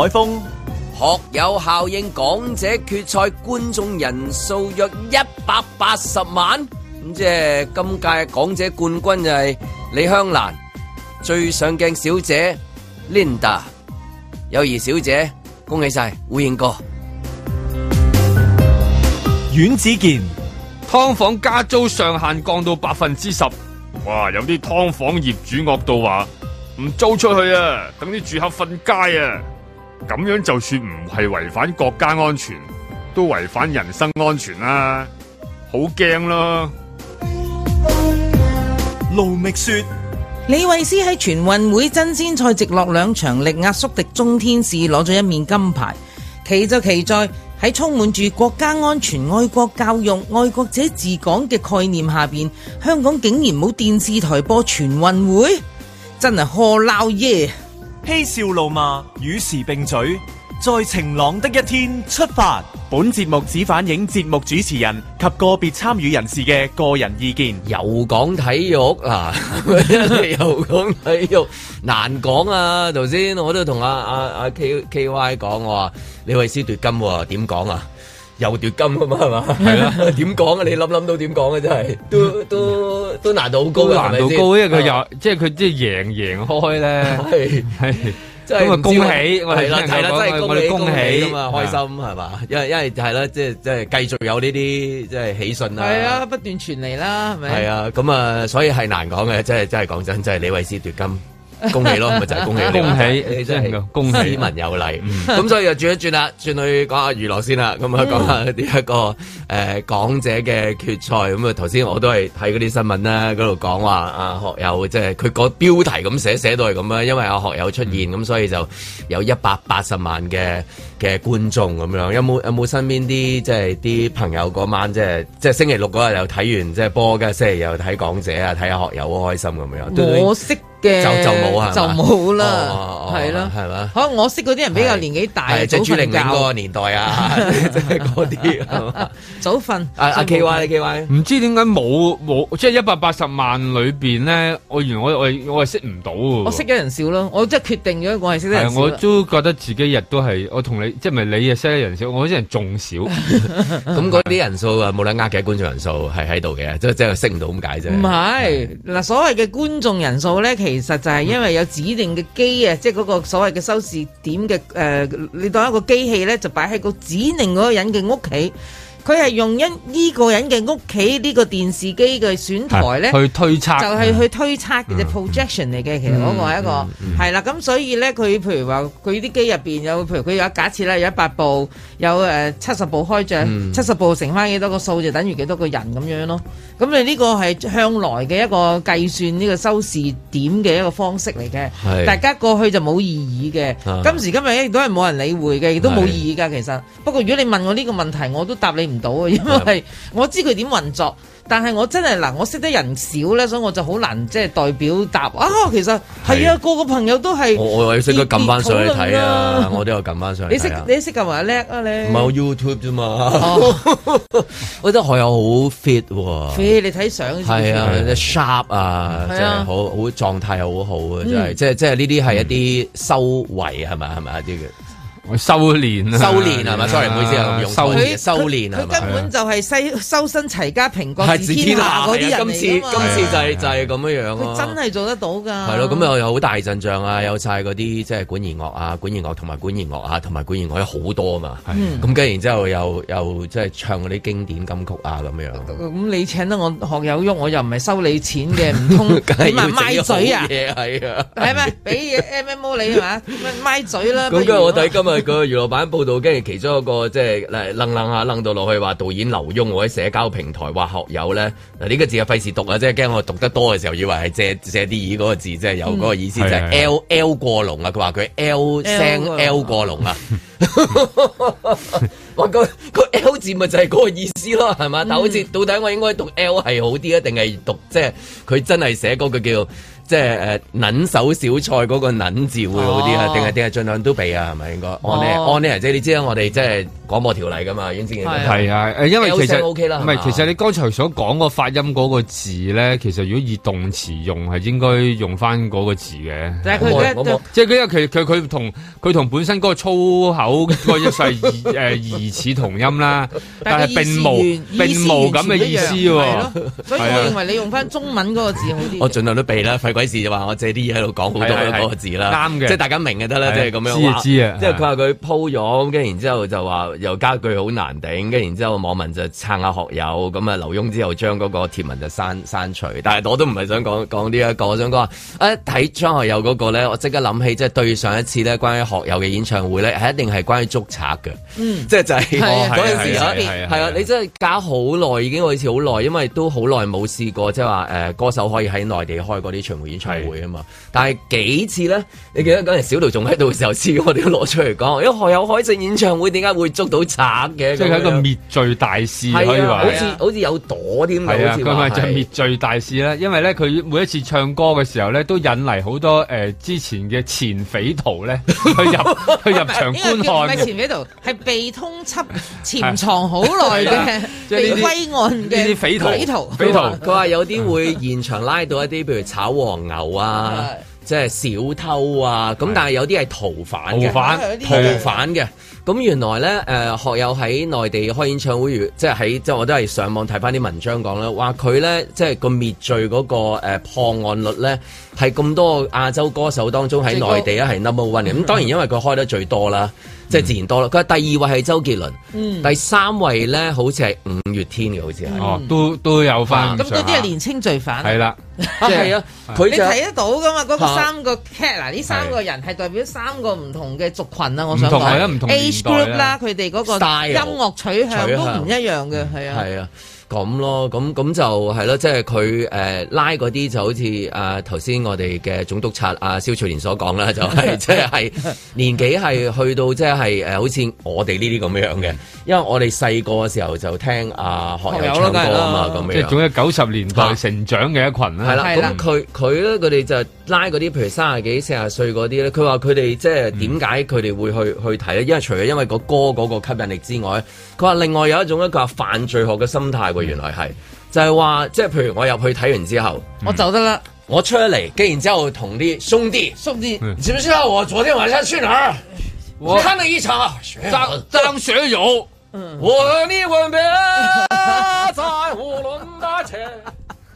海峰學有效應，港姐決賽觀眾人數約一百八十萬，咁即係今屆港姐冠軍就係李香蘭，最上鏡小姐 Linda，友誼小姐，恭喜晒，胡應哥。阮子健，劏房加租上限降到百分之十，哇！有啲劏房業主惡到話唔租出去啊，等啲住客瞓街啊。咁樣就算唔係違反國家安全，都違反人身安全啦、啊，好驚咯！盧覓雪：「李慧詩喺全運會爭先賽直落兩場力壓宿敵鍾天使攞咗一面金牌。奇就奇在喺充滿住國家安全、愛國教育、愛國者治港嘅概念下邊，香港竟然冇電視台播全運會，真係可撈耶！嬉笑怒罵與時並舉，在晴朗的一天出發。本節目只反映節目主持人及個別參與人士嘅個人意見。又講體育啊，又 講 體育難講啊，頭先我都同啊啊啊 K K Y 講，我話李慧詩奪金點講啊？又奪金噶嘛，係嘛？係啦，點講啊？你諗諗到點講啊？真係都都都難度好高，難度高，因為佢又即係佢即係贏贏開咧，係係咁啊！恭喜我哋，真係我哋恭喜啊嘛！開心係嘛？因為因為係啦，即係即係繼續有呢啲即係喜訊啦，係啊，不斷傳嚟啦，係咪？係啊，咁啊，所以係難講嘅，即係真係講真，即係李慧詩奪金。恭喜咯，咪就係恭，恭喜，就是、你恭喜你真係恭喜文有禮。咁、嗯、所以就轉一轉啦，轉去講下娛樂先啦。咁啊講下啲、這、一個誒、嗯呃、港姐嘅決賽。咁啊頭先我都係睇嗰啲新聞啦，嗰度講話啊學友即係佢個標題咁寫寫到係咁樣，因為阿學友出現咁，嗯、所以就有一百八十萬嘅嘅觀眾咁樣。有冇有冇身邊啲即係啲朋友嗰晚即係即係星期六嗰日又睇完即係波嘅，星期又睇港姐啊，睇阿學友好開心咁樣。我識對。就就冇啊，就冇啦，係咯，係嘛？可能我識嗰啲人比較年紀大，就朱玲玲個年代啊，即係嗰啲早瞓。阿奇偉，阿奇偉唔知點解冇冇？即係一百八十萬裏邊咧，我原來我我我係識唔到。我識嘅人少咯，我即係決定咗，我係識得人少。我都覺得自己日都係我同你，即係咪你又識得人少？我啲人仲少。咁嗰啲人數啊，冇得呃嘅觀眾人數係喺度嘅，即係即係識唔到咁解啫。唔係嗱，所謂嘅觀眾人數咧，其實就係因為有指定嘅機啊，即係嗰個所謂嘅收視點嘅誒、呃，你當一個機器呢，就擺喺個指定嗰個人嘅屋企。佢係用一呢個人嘅屋企呢個電視機嘅選台咧，去推測就係去推測嘅啫 projection 嚟嘅。嗯、其實嗰個係一個係啦，咁、嗯嗯、所以咧，佢譬如話佢啲機入邊有，譬如佢有假設啦，有一百部，有誒七十部開着七十部乘翻幾多個數就等於幾多個人咁樣咯。咁你呢個係向來嘅一個計算呢、呢個收視點嘅一個方式嚟嘅。是大家過去就冇意義嘅，是今時今日亦都係冇人理會嘅，亦都冇意義噶。其實，是不過如果你問我呢個問題，我都答你。唔到啊，因為我知佢點運作，但係我真係嗱，我識得人少咧，所以我就好難即係代表答啊。其實係啊，個個朋友都係我我又要識佢撳翻上去睇啊，我都有撳翻上去。你識你識撳埋阿叻啊你？唔係 YouTube 啫嘛，我覺得我有好 fit f 你睇相係啊，sharp 啊，真係好好狀態好好啊，真係即係即係呢啲係一啲修為係咪？係咪啲嘅。修練，修練係嘛？Sorry，唔好意思啊，用修練，佢修練，佢根本就係西修身齊家平國天下嗰啲人，今次今次就係就係咁樣樣。佢真係做得到㗎。係咯，咁又有好大陣仗啊！有晒嗰啲即係管弦樂啊，管弦樂同埋管弦樂啊，同埋管弦樂有好多啊嘛！咁跟然之後又又即係唱嗰啲經典金曲啊咁樣。咁你請得我學友喐，我又唔係收你錢嘅，唔通咁啊咪嘴啊？係咪俾 M M o 你係咪咪嘴啦！咁今日我睇今日個娛樂版報道，跟住其中一個即係愣愣下愣到落去，話導演劉墉我喺社交平台話學友咧嗱，呢個字啊費事讀啊，即係驚我讀得多嘅時候，以為係借借啲耳嗰個字，即係有嗰個意思，就係 L, L L 過龍啊，佢話佢 L 聲 L 過龍啊，哇，個個 L 字咪就係嗰個意思咯，係嘛？但好似到底我應該讀 L 係好啲啊，定係讀即係佢真係寫嗰句叫？即係誒、呃、揇手小菜嗰個揇字會好啲啊，定係定係盡量都避啊，係咪應該？安呢安呢，即係、嗯、你知啦，我哋即係廣播條例㗎嘛，原先係啊，誒，因為其實唔係其實你剛才所講個發音嗰個字呢，其實如果以動詞用係應該用返嗰個字嘅。即係佢咧，即係因為其佢佢同佢同本身嗰個粗口個一勢誒異同音啦， 但係並無並無咁嘅意思喎。所以我認為你用返中文嗰個字好啲。我盡量都避啦，費事就話我借啲嘢喺度講好多嗰個字啦，啱嘅。即係大家明就得啦，即係咁樣知知啊！即係佢話佢 po 咗，跟住然之後就話又加句好難頂，跟住然之後網民就撐下學友，咁啊，流庸之後將嗰個貼文就刪刪除。但係我都唔係想講講呢一個，我想講話誒睇張學友嗰個咧，我即刻諗起即係對上一次咧，關於學友嘅演唱會咧，係一定係關於捉賊嘅，即係就係嗰陣時嗰邊係啊！你真係搞好耐已經，好似好耐，因為都好耐冇試過即係話誒歌手可以喺內地開嗰啲巡迴。演唱會啊嘛，但係幾次咧？你記得嗰日小道仲喺度嘅時候，先我哋攞出嚟講，因為學友海城演唱會點解會捉到賊嘅？即係一個滅罪大使可以話、啊啊。好似好似有朵啲。係啊，佢咪、啊、就滅罪大使啦、啊？因為咧，佢每一次唱歌嘅時候咧，都引嚟好多誒、呃、之前嘅前匪徒咧 去入去入場觀看。 唔係前匪徒，係被通緝 潛藏好耐嘅被歸案嘅匪徒。匪徒，佢話說 有啲會現場拉到一啲，譬如炒王。牛啊，即係小偷啊，咁但係有啲係逃犯嘅，的逃犯嘅。咁原來咧，誒學友喺內地開演唱會，即係喺即係我都係上網睇翻啲文章講啦。話佢咧即係個滅罪嗰個誒破案率咧，係咁多亞洲歌手當中喺內地啊係 number one 嘅。咁當然因為佢開得最多啦，即係自然多咯。佢第二位係周杰倫，第三位咧好似係五月天嘅，好似係哦，都都有翻。咁嗰啲係年青罪犯，係啦，即係啊，佢你睇得到噶嘛？嗰三個嗱，呢三個人係代表三個唔同嘅族群啊，我想講。group 啦，佢哋嗰個音樂取向都唔一樣嘅，係啊。係啊。咁咯，咁咁就係咯，即係佢誒拉嗰啲就好似誒頭先我哋嘅總督察阿、啊、蕭翠蓮所講啦，就係即係年紀係去到即係、係誒、好似我哋呢啲咁樣嘅，因為我哋細個嘅時候就聽啊學友歌啊嘛，咁樣，即係總有九十年代成長嘅一群、啊，係啦、啊，咁佢佢咧佢哋就拉嗰啲譬如卅幾四十歲嗰啲咧，佢話佢哋即係點解佢哋會去、嗯、去睇咧？因為除咗因為個歌嗰個吸引力之外，佢話另外有一種一個犯罪學嘅心態。原來係就係、是、話，即係譬如我入去睇完之後，嗯、我就得啦。我出嚟，然跟然之後同啲兄弟兄弟，兄弟你知唔知啊？我昨天晚上去哪兒？我看了一場張張學友，我和你吻別 在烏龍大橋。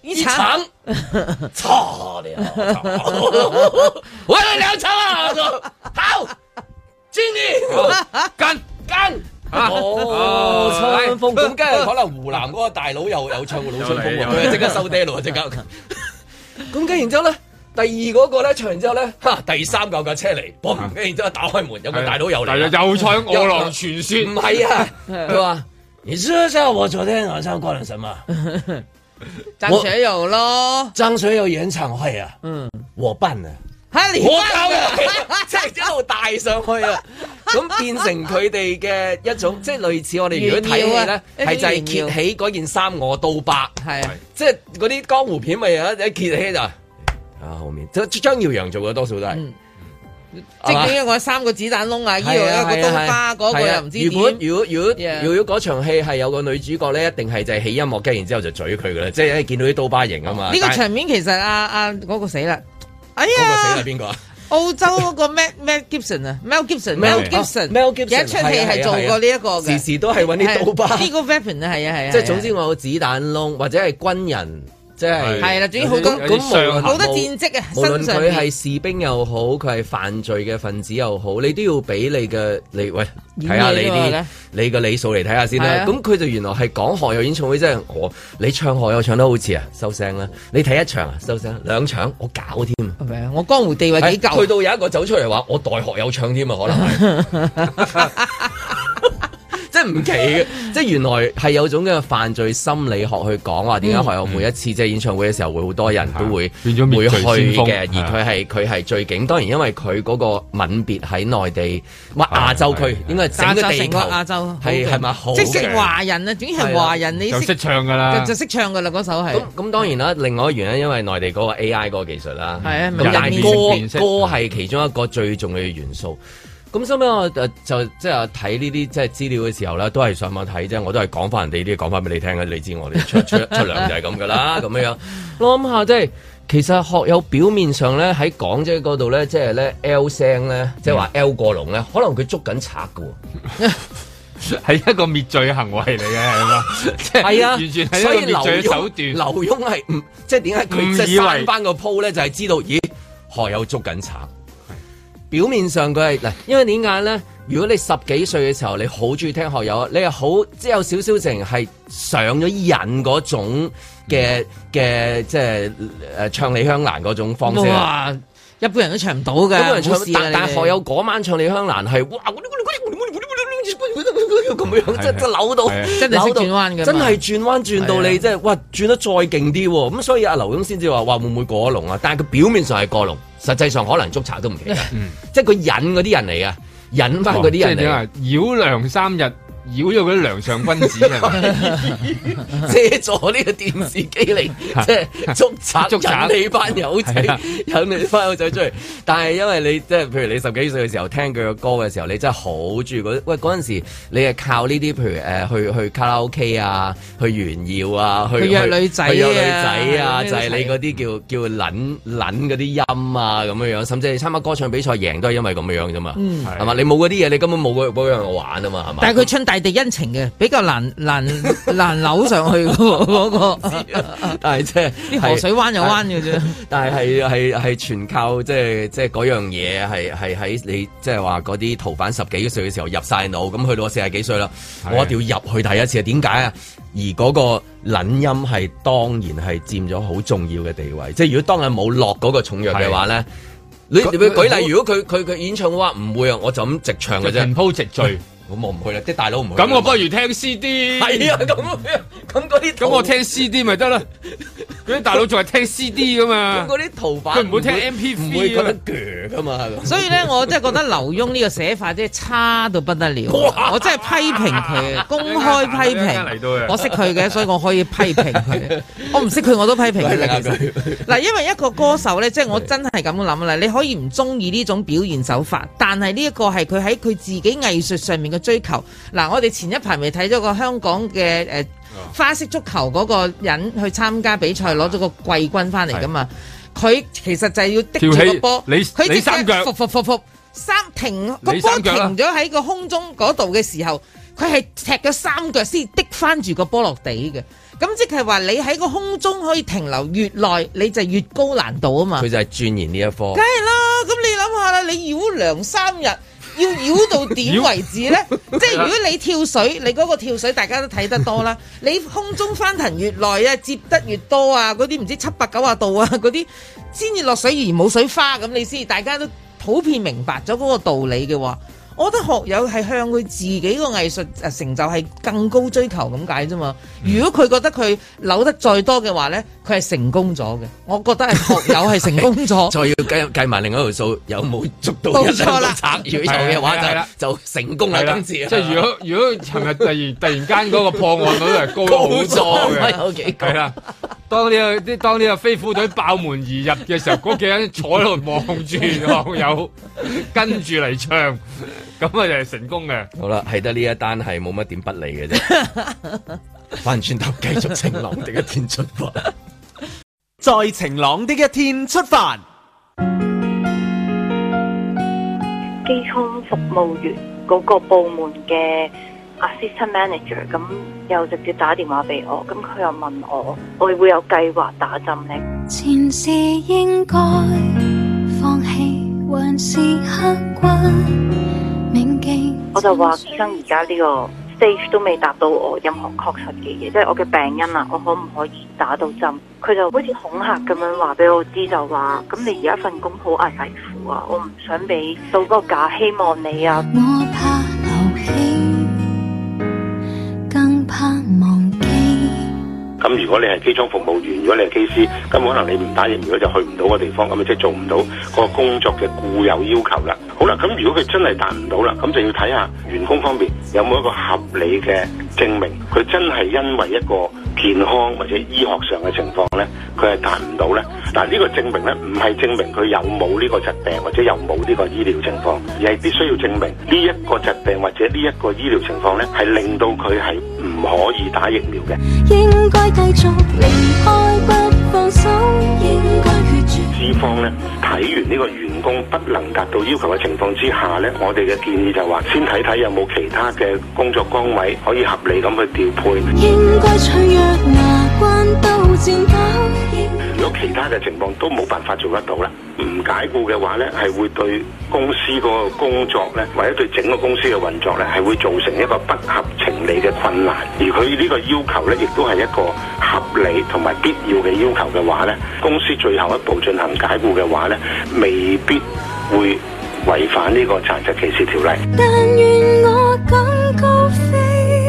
一長，操的、哎啊！我有兩長啊，好，敬你、哦，跟跟哦，老吹風。咁跟住可能湖南嗰個大佬又有唱過老吹風啊，佢即刻收爹咯，即你刻。咁跟刻 然之後咧，第二嗰個咧唱完之後咧，哈，第三架架車嚟，嘣！跟然之後打開門，有位大佬又嚟，又唱臥龍傳說，唔係啊，佢話，你知一我昨天晚上幹了什張學友咯，張學友演唱會啊，嗯，我辦啦、啊，吓、啊、我搞即係一路帶上去啊，咁變成佢哋嘅一種，即係類似我哋如果睇嘢咧，係、啊欸、就係揭起嗰件衫我到白，係啊，啊即係嗰啲江湖片咪有一揭起就，啊後面即張耀揚做嘅多數都係。嗯即係點解我三個子彈窿啊？呢度有一個刀疤，嗰個又唔知點。如果如果如果如果嗰場戲係有個女主角咧，一定係就係起音樂，跟然之後就嘴佢噶啦。即係見到啲刀疤型啊嘛。呢個場面其實阿阿嗰個死啦，哎呀，死係邊個啊？澳洲嗰個 Matt Matt Gibson 啊，Mel Gibson，Mel Gibson，Mel Gibson 有一出戲係做過呢一個嘅，時時都係搵啲刀疤。呢個 Weapon 啊，係啊係啊。即係總之我有個子彈窿或者係軍人。即係係啦，仲有好多好多戰績啊！無論佢係點士兵又好，佢係犯罪嘅分子又好，你都要俾你嘅你喂睇下你啲你嘅理數嚟睇下先啦。咁佢了就原來係講學友演唱會，即、就、係、是、我你唱學友唱得好似啊，收聲啦！你睇一場啊，收聲，兩場我搞添。係咪啊？我江湖地位幾舊？去到有一個走出嚟話，我代學友唱添啊，可能係。 真唔奇嘅，即係原來係有種嘅犯罪心理學去講話點解我每一次即係演唱會嘅時候，會好多人都會變咗會去嘅，而佢係佢係最勁。當然，因為佢嗰個吻別喺內地或亞洲區，應該整個地球係係咪好即係華人啊？總之係華人，你識唱噶啦，就識唱噶啦，嗰首係。咁當然啦，另外一個原因，因為內地嗰個 AI 嗰個技術啦，係啊，入面歌歌係其中一個最重要嘅元素。咁收尾我就即係睇呢啲即係資料嘅時候咧，都係上網睇啫。我都係講翻人哋啲，講翻俾你聽嘅。你知我哋出 出糧就係咁噶啦，咁樣樣。我諗下即係、就是，其實學友表面上咧喺講即嗰度咧，即係咧 l 聲咧，即係話 l 過龍咧，可能佢捉緊賊喎，係 一個滅罪嘅行為嚟嘅，係嘛？係 啊，完全係一個滅罪嘅手段。劉墉係唔即係點解佢即係刪翻個 po 咧？就係、是、知道咦學友捉緊賊。表面上佢係嗱，因為點解咧？如果你十幾歲嘅時候，你好中意聽學友，你係好即有少少成係上咗人嗰種嘅嘅，即係、嗯即係呃、唱李香蘭嗰種方式。哇！一般人都唱唔到嘅，一般人唱、啊、但，們但是學友嗰晚唱李香蘭係哇，咁樣即係扭到，是的真係識轉彎嘅，真係轉彎轉到你即係哇，轉得再勁啲喎。咁所以阿劉勇先至話話會唔會過龍啊？但係佢表面上係過龍。實際上可能捉查都唔奇，嗯哦，即係佢引嗰啲人嚟啊，引翻嗰啲人嚟。啊，係你繞梁三日。妖咗啲梁上君子嘅，藉助呢個電視機嚟即係捉賊，捉賊引你班友仔，啊、引你班友仔出去。 但係因為你即係譬如你十幾歲嘅時候聽佢嘅歌嘅時候，你真係好中意嗰啲。喂，嗰陣時你係靠呢啲譬如誒去去，去卡拉 OK 啊，去炫耀啊，去，去約女仔啊，就係你嗰啲叫叫撚撚嗰啲音啊咁嘅樣，甚至你參加歌唱比賽贏都係因為咁嘅樣啫嘛。係嘛、嗯，你冇嗰啲嘢，你根本冇嗰嗰樣嘢玩啊嘛。係嘛，但係佢唱你哋恩情嘅比較難難難扭上去嗰，那個， 但係即係河水彎就彎嘅啫。但係係係係全靠即係即係嗰樣嘢，係係喺你即係話嗰啲逃犯十幾歲嘅時候入晒腦，咁去到我四十幾歲啦，的我一定要入去第一次啊！點解啊？而嗰個冷音係當然係佔咗好重要嘅地位。即、就、係、是、如果當日冇落嗰個重藥嘅話咧，的你你舉例他都如果佢佢佢演唱嘅話唔會啊，我就咁直唱嘅啫，鋪直敘。我冇唔去啦，啲大佬唔去。咁我不如聽 CD。係啊，咁樣咁啲。咁我聽 CD 咪得啦，嗰啲 大佬仲係聽 CD 噶嘛。咁啲圖版唔會聽 MP，唔會覺得攰噶嘛？所以咧，我真係覺得劉墉呢個寫法真係差到不得了。哇 我真係批評佢， 公開批評。我識佢嘅，所以我可以批評佢。 我唔識佢，我都批評佢。嗱，因為一個歌手咧，即係我真係咁諗啦。你可以唔中意呢種表現手法，但係呢一個係佢喺佢自己藝術上面嘅追求嗱，啊，我哋前一排咪睇咗個香港嘅、誒、呃、花式足球嗰個人去參加比賽，攞咗個季軍翻嚟噶嘛？佢的其實就係要的住個波，佢三腳伏伏，伏，伏，伏停三、啊、停個波停咗喺個空中嗰度嘅時候，佢係踢咗三腳先的翻住個波落地嘅。咁即係話你喺個空中可以停留越耐，你就越高難度啊嘛。佢就係鑽研呢一科。梗係啦，咁你諗下啦，你如果兩三日。要繞到點為止呢？ 即係如果你跳水，你嗰個跳水大家都睇得多啦。 你空中翻騰越耐啊，接得越多啊，嗰啲唔知七百九啊度啊，嗰啲先至落水而冇水花咁，你先大家都普遍明白咗嗰個道理嘅。我覺得學友係向佢自己個藝術成就係更高追求咁解啫嘛。如果佢覺得佢扭得再多嘅話咧，佢係成功咗嘅。我覺得係學友係成功咗。再要計計埋另一條數，有冇捉到一隻賊？如果有嘅話就就成功啦。即係如果如果琴日突然突然間嗰個破案率高咗好多嘅，係啦。當呢個當呢個飛虎隊爆門而入嘅時候，嗰幾個人坐喺度望住學友，跟住嚟唱。咁啊，就係成功嘅。好啦，係得呢一單係冇乜點不利嘅啫。翻轉頭繼續晴朗的一天出發， 再晴朗的一天出發。機艙服務員嗰個部門嘅 assistant manager，咁又直接打電話俾我，咁佢又問我，我會，會有計劃打針咧？前事應該放棄，還是刻骨？我就話醫生而家呢個 stage 都未達到我任何確實嘅嘢，即係我嘅病因啊，我可唔可以打到針？佢就好似恐嚇咁樣話俾我知，就話咁你而家份工好危危苦啊，我唔想俾到嗰個假，希望你啊。你怕咁如果你係機艙服務員，如果你係機師，咁可能你唔打疫苗就去唔到個地方，咁你即係做唔到個工作嘅固有要求啦。好啦，咁如果佢真係達唔到啦，咁就要睇下員工方面有冇一個合理嘅證明，佢真係因為一個。健康或者醫學上嘅情況呢，佢係達唔到呢。但係呢個證明呢，唔係證明佢有冇呢個疾病或者有冇呢個醫療情況，而係必須要證明呢一個疾病或者呢一個醫療情況呢，係令到佢係唔可以打疫苗嘅。應該繼續脂肪呢？睇完呢個員工不能達到要求嘅情況之下呢，我哋嘅建議就話，先睇睇有冇其他嘅工作崗位可以合理咁去調配。應如果其他嘅情況都冇辦法做得到啦，唔解僱嘅話咧，係會對公司個工作咧，或者對整個公司嘅運作咧，係會造成一個不合情理嘅困難。而佢呢個要求咧，亦都係一個合理同埋必要嘅要求嘅話咧，公司最後一步進行解僱嘅話咧，未必會違反呢個殘疾歧視條例。但願我更高飛。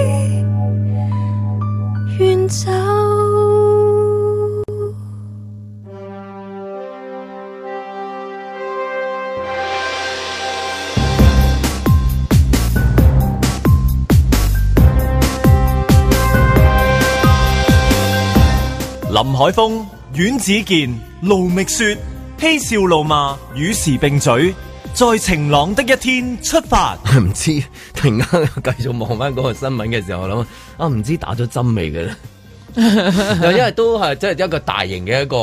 林海峰、阮子健、盧覓雪、嬉笑怒罵、與時並嘴，在晴朗的一天出發。唔知突然間繼續望翻嗰個新聞嘅時候，我諗啊，唔知打咗針未嘅咧。 因為都係即係一個大型嘅一個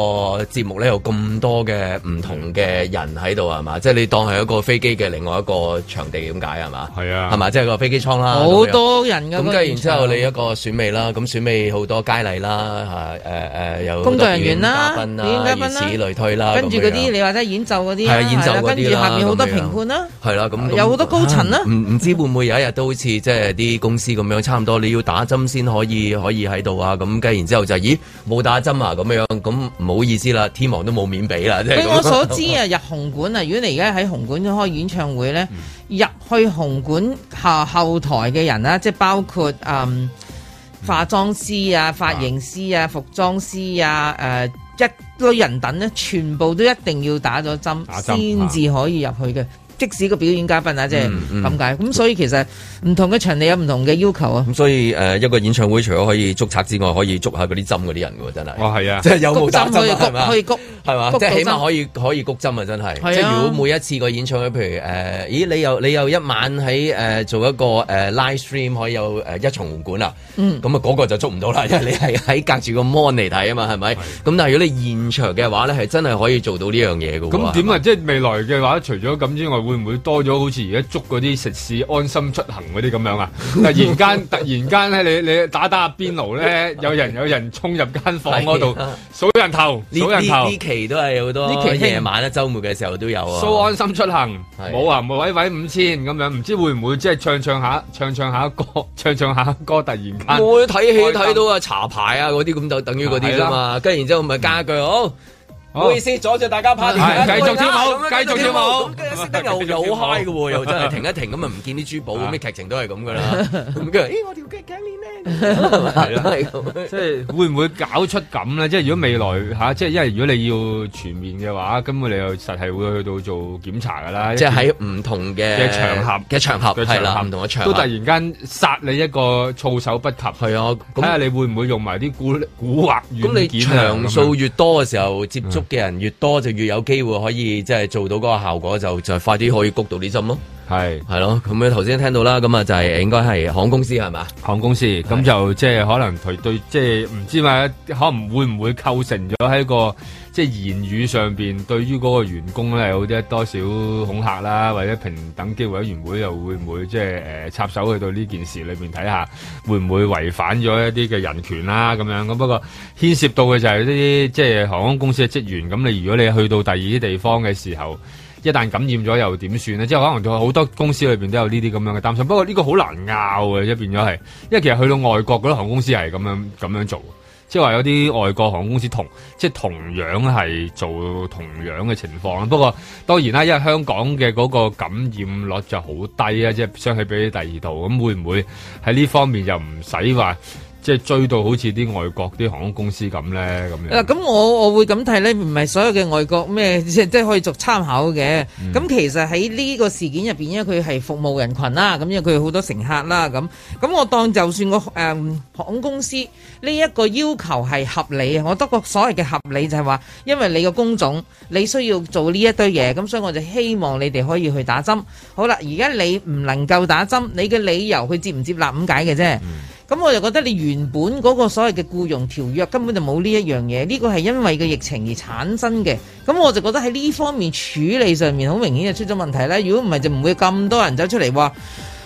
節目咧，有咁多嘅唔同嘅人喺度係嘛？即係你當係一個飛機嘅另外一個場地咁解係嘛？係是啊，係嘛？即係個飛機艙啦，好多人咁。咁跟住然之後，你一個選美啦，咁選美好多佳麗啦，嚇、呃、誒、呃、有工作人員啦、啊、演嘉賓啦、啊，以、啊、此類推啦。跟住嗰啲你話咧演奏嗰啲、啊啊，演奏跟住下面好多評判啦、啊，係啦咁，嗯、有好多高層啦、啊。唔唔、啊、知會唔會有一日都好似即係啲公司咁樣，差唔多你要打針先可以可以喺度啊咁。嗯。然之後就，咦，冇打針啊，咁樣，咁唔好意思啦，天王都冇面俾啦。據我所知啊， 入紅館啊，如果你而家喺紅館開演唱會呢，嗯、入去紅館後後台嘅人啊即係包括嗯化妝師啊、髮型師啊、嗯、服裝師啊，誒、嗯，一堆人等呢，全部都一定要打咗針先至可以入去嘅。即使個表演嘉賓啊，即係咁解，咁所以其實唔同嘅場地有唔同嘅要求啊。咁所以誒，一個演唱會除咗可以捉賊之外，可以捉下嗰啲針嗰啲人嘅喎，真係。哦，係啊，即係有冇打針可以谷？係嘛，即係起碼可以可以谷針啊！真係。即係如果每一次個演唱會，譬如誒，咦你又你又一晚喺誒做一個誒 live stream，可以有誒一重紅館啊？嗯。咁啊，嗰個就捉唔到啦，因為你係喺隔住個 mon 嚟睇啊嘛，係咪？咁但係如果你現場嘅話咧，係真係可以做到呢樣嘢嘅。咁點啊？即係未來嘅話，除咗咁之外。會唔會多咗好似而家捉嗰啲食肆安心出行嗰啲咁樣啊？突然間突然間咧，你你打打下邊爐咧，有人有人衝入間房嗰度數人頭數人頭，呢期都係好多，呢期夜晚啊周末嘅時候都有啊。掃安心出行冇啊，冇位位五千咁樣，唔知會唔會即係唱唱下唱唱下歌唱唱下歌突然間。我睇戲睇到啊茶牌啊嗰啲咁就等於嗰啲啦嘛，跟住然之後咪加句好。唔好意思，阻住大家拍 a r 繼續跳舞，繼續跳舞。食得有好 high 嘅喎，又真係停一停，咁啊唔見啲珠寶，有啲劇情都係咁㗎啦。咁嘅，咦、欸？我條頸鍊咧？係啦， 即、就、係、是、會唔會搞出咁咧？即係如果未來嚇，即係因為如果你要全面嘅話，根本你又實係會去到做檢查㗎啦。即係喺唔同嘅場合嘅場合係唔同嘅場合都突然間殺你一個措手不及。係啊，睇下你會唔會用埋啲古古語咁你長數越多嘅時候，接觸、嗯。嘅人越多，就越有機會可以即係做到嗰個效果，就就快啲可以谷到啲針咯。係係咯，咁是你頭先聽到啦，咁啊就係應該係航空公司係嘛？航空公司咁就即係可能對是對，即係唔知嘛？可能會唔會構成咗喺個即係、就是、言語上邊對於嗰個員工咧有啲多少恐嚇啦，或者平等機會委員會又會唔會即係誒插手去到呢件事裏邊睇下，會唔會違反咗一啲嘅人權啦？咁樣咁不過牽涉到嘅就係呢啲即係航空公司嘅職員，咁你如果你去到第二啲地方嘅時候。一旦感染咗又點算咧？即係可能仲有好多公司裏邊都有呢啲咁樣嘅擔心。不過呢個好難拗嘅，即係變咗係，因為其實去到外國嗰啲航空公司係咁樣咁樣做，即係話有啲外國航空公司同即係同樣係做同樣嘅情況。不過當然啦，因為香港嘅嗰個感染率就好低啊，即係相比起第二度咁，會唔會喺呢方面又唔使話？即係追到好似啲外國啲航空公司咁呢，咁樣嗱，咁、嗯、我我會咁睇呢，唔係所有嘅外國咩，即係、即係、可以作參考嘅。咁、嗯、其實喺呢個事件入邊，因為佢係服務人群啦，咁因為佢好多乘客啦，咁咁我當就算個、嗯、航空公司呢一個要求係合理，我得個所謂嘅合理就係話，因為你個工種你需要做呢一堆嘢，咁所以我就希望你哋可以去打針。好啦，而家你唔能夠打針，你嘅理由佢接唔接納咁解嘅啫。嗯咁我就覺得你原本嗰個所謂嘅僱傭條約根本就冇呢一樣嘢，呢個係因為個疫情而產生嘅。咁我就覺得喺呢方面處理上面好明顯就出咗問題啦。如果唔係就唔會咁多人走出嚟話，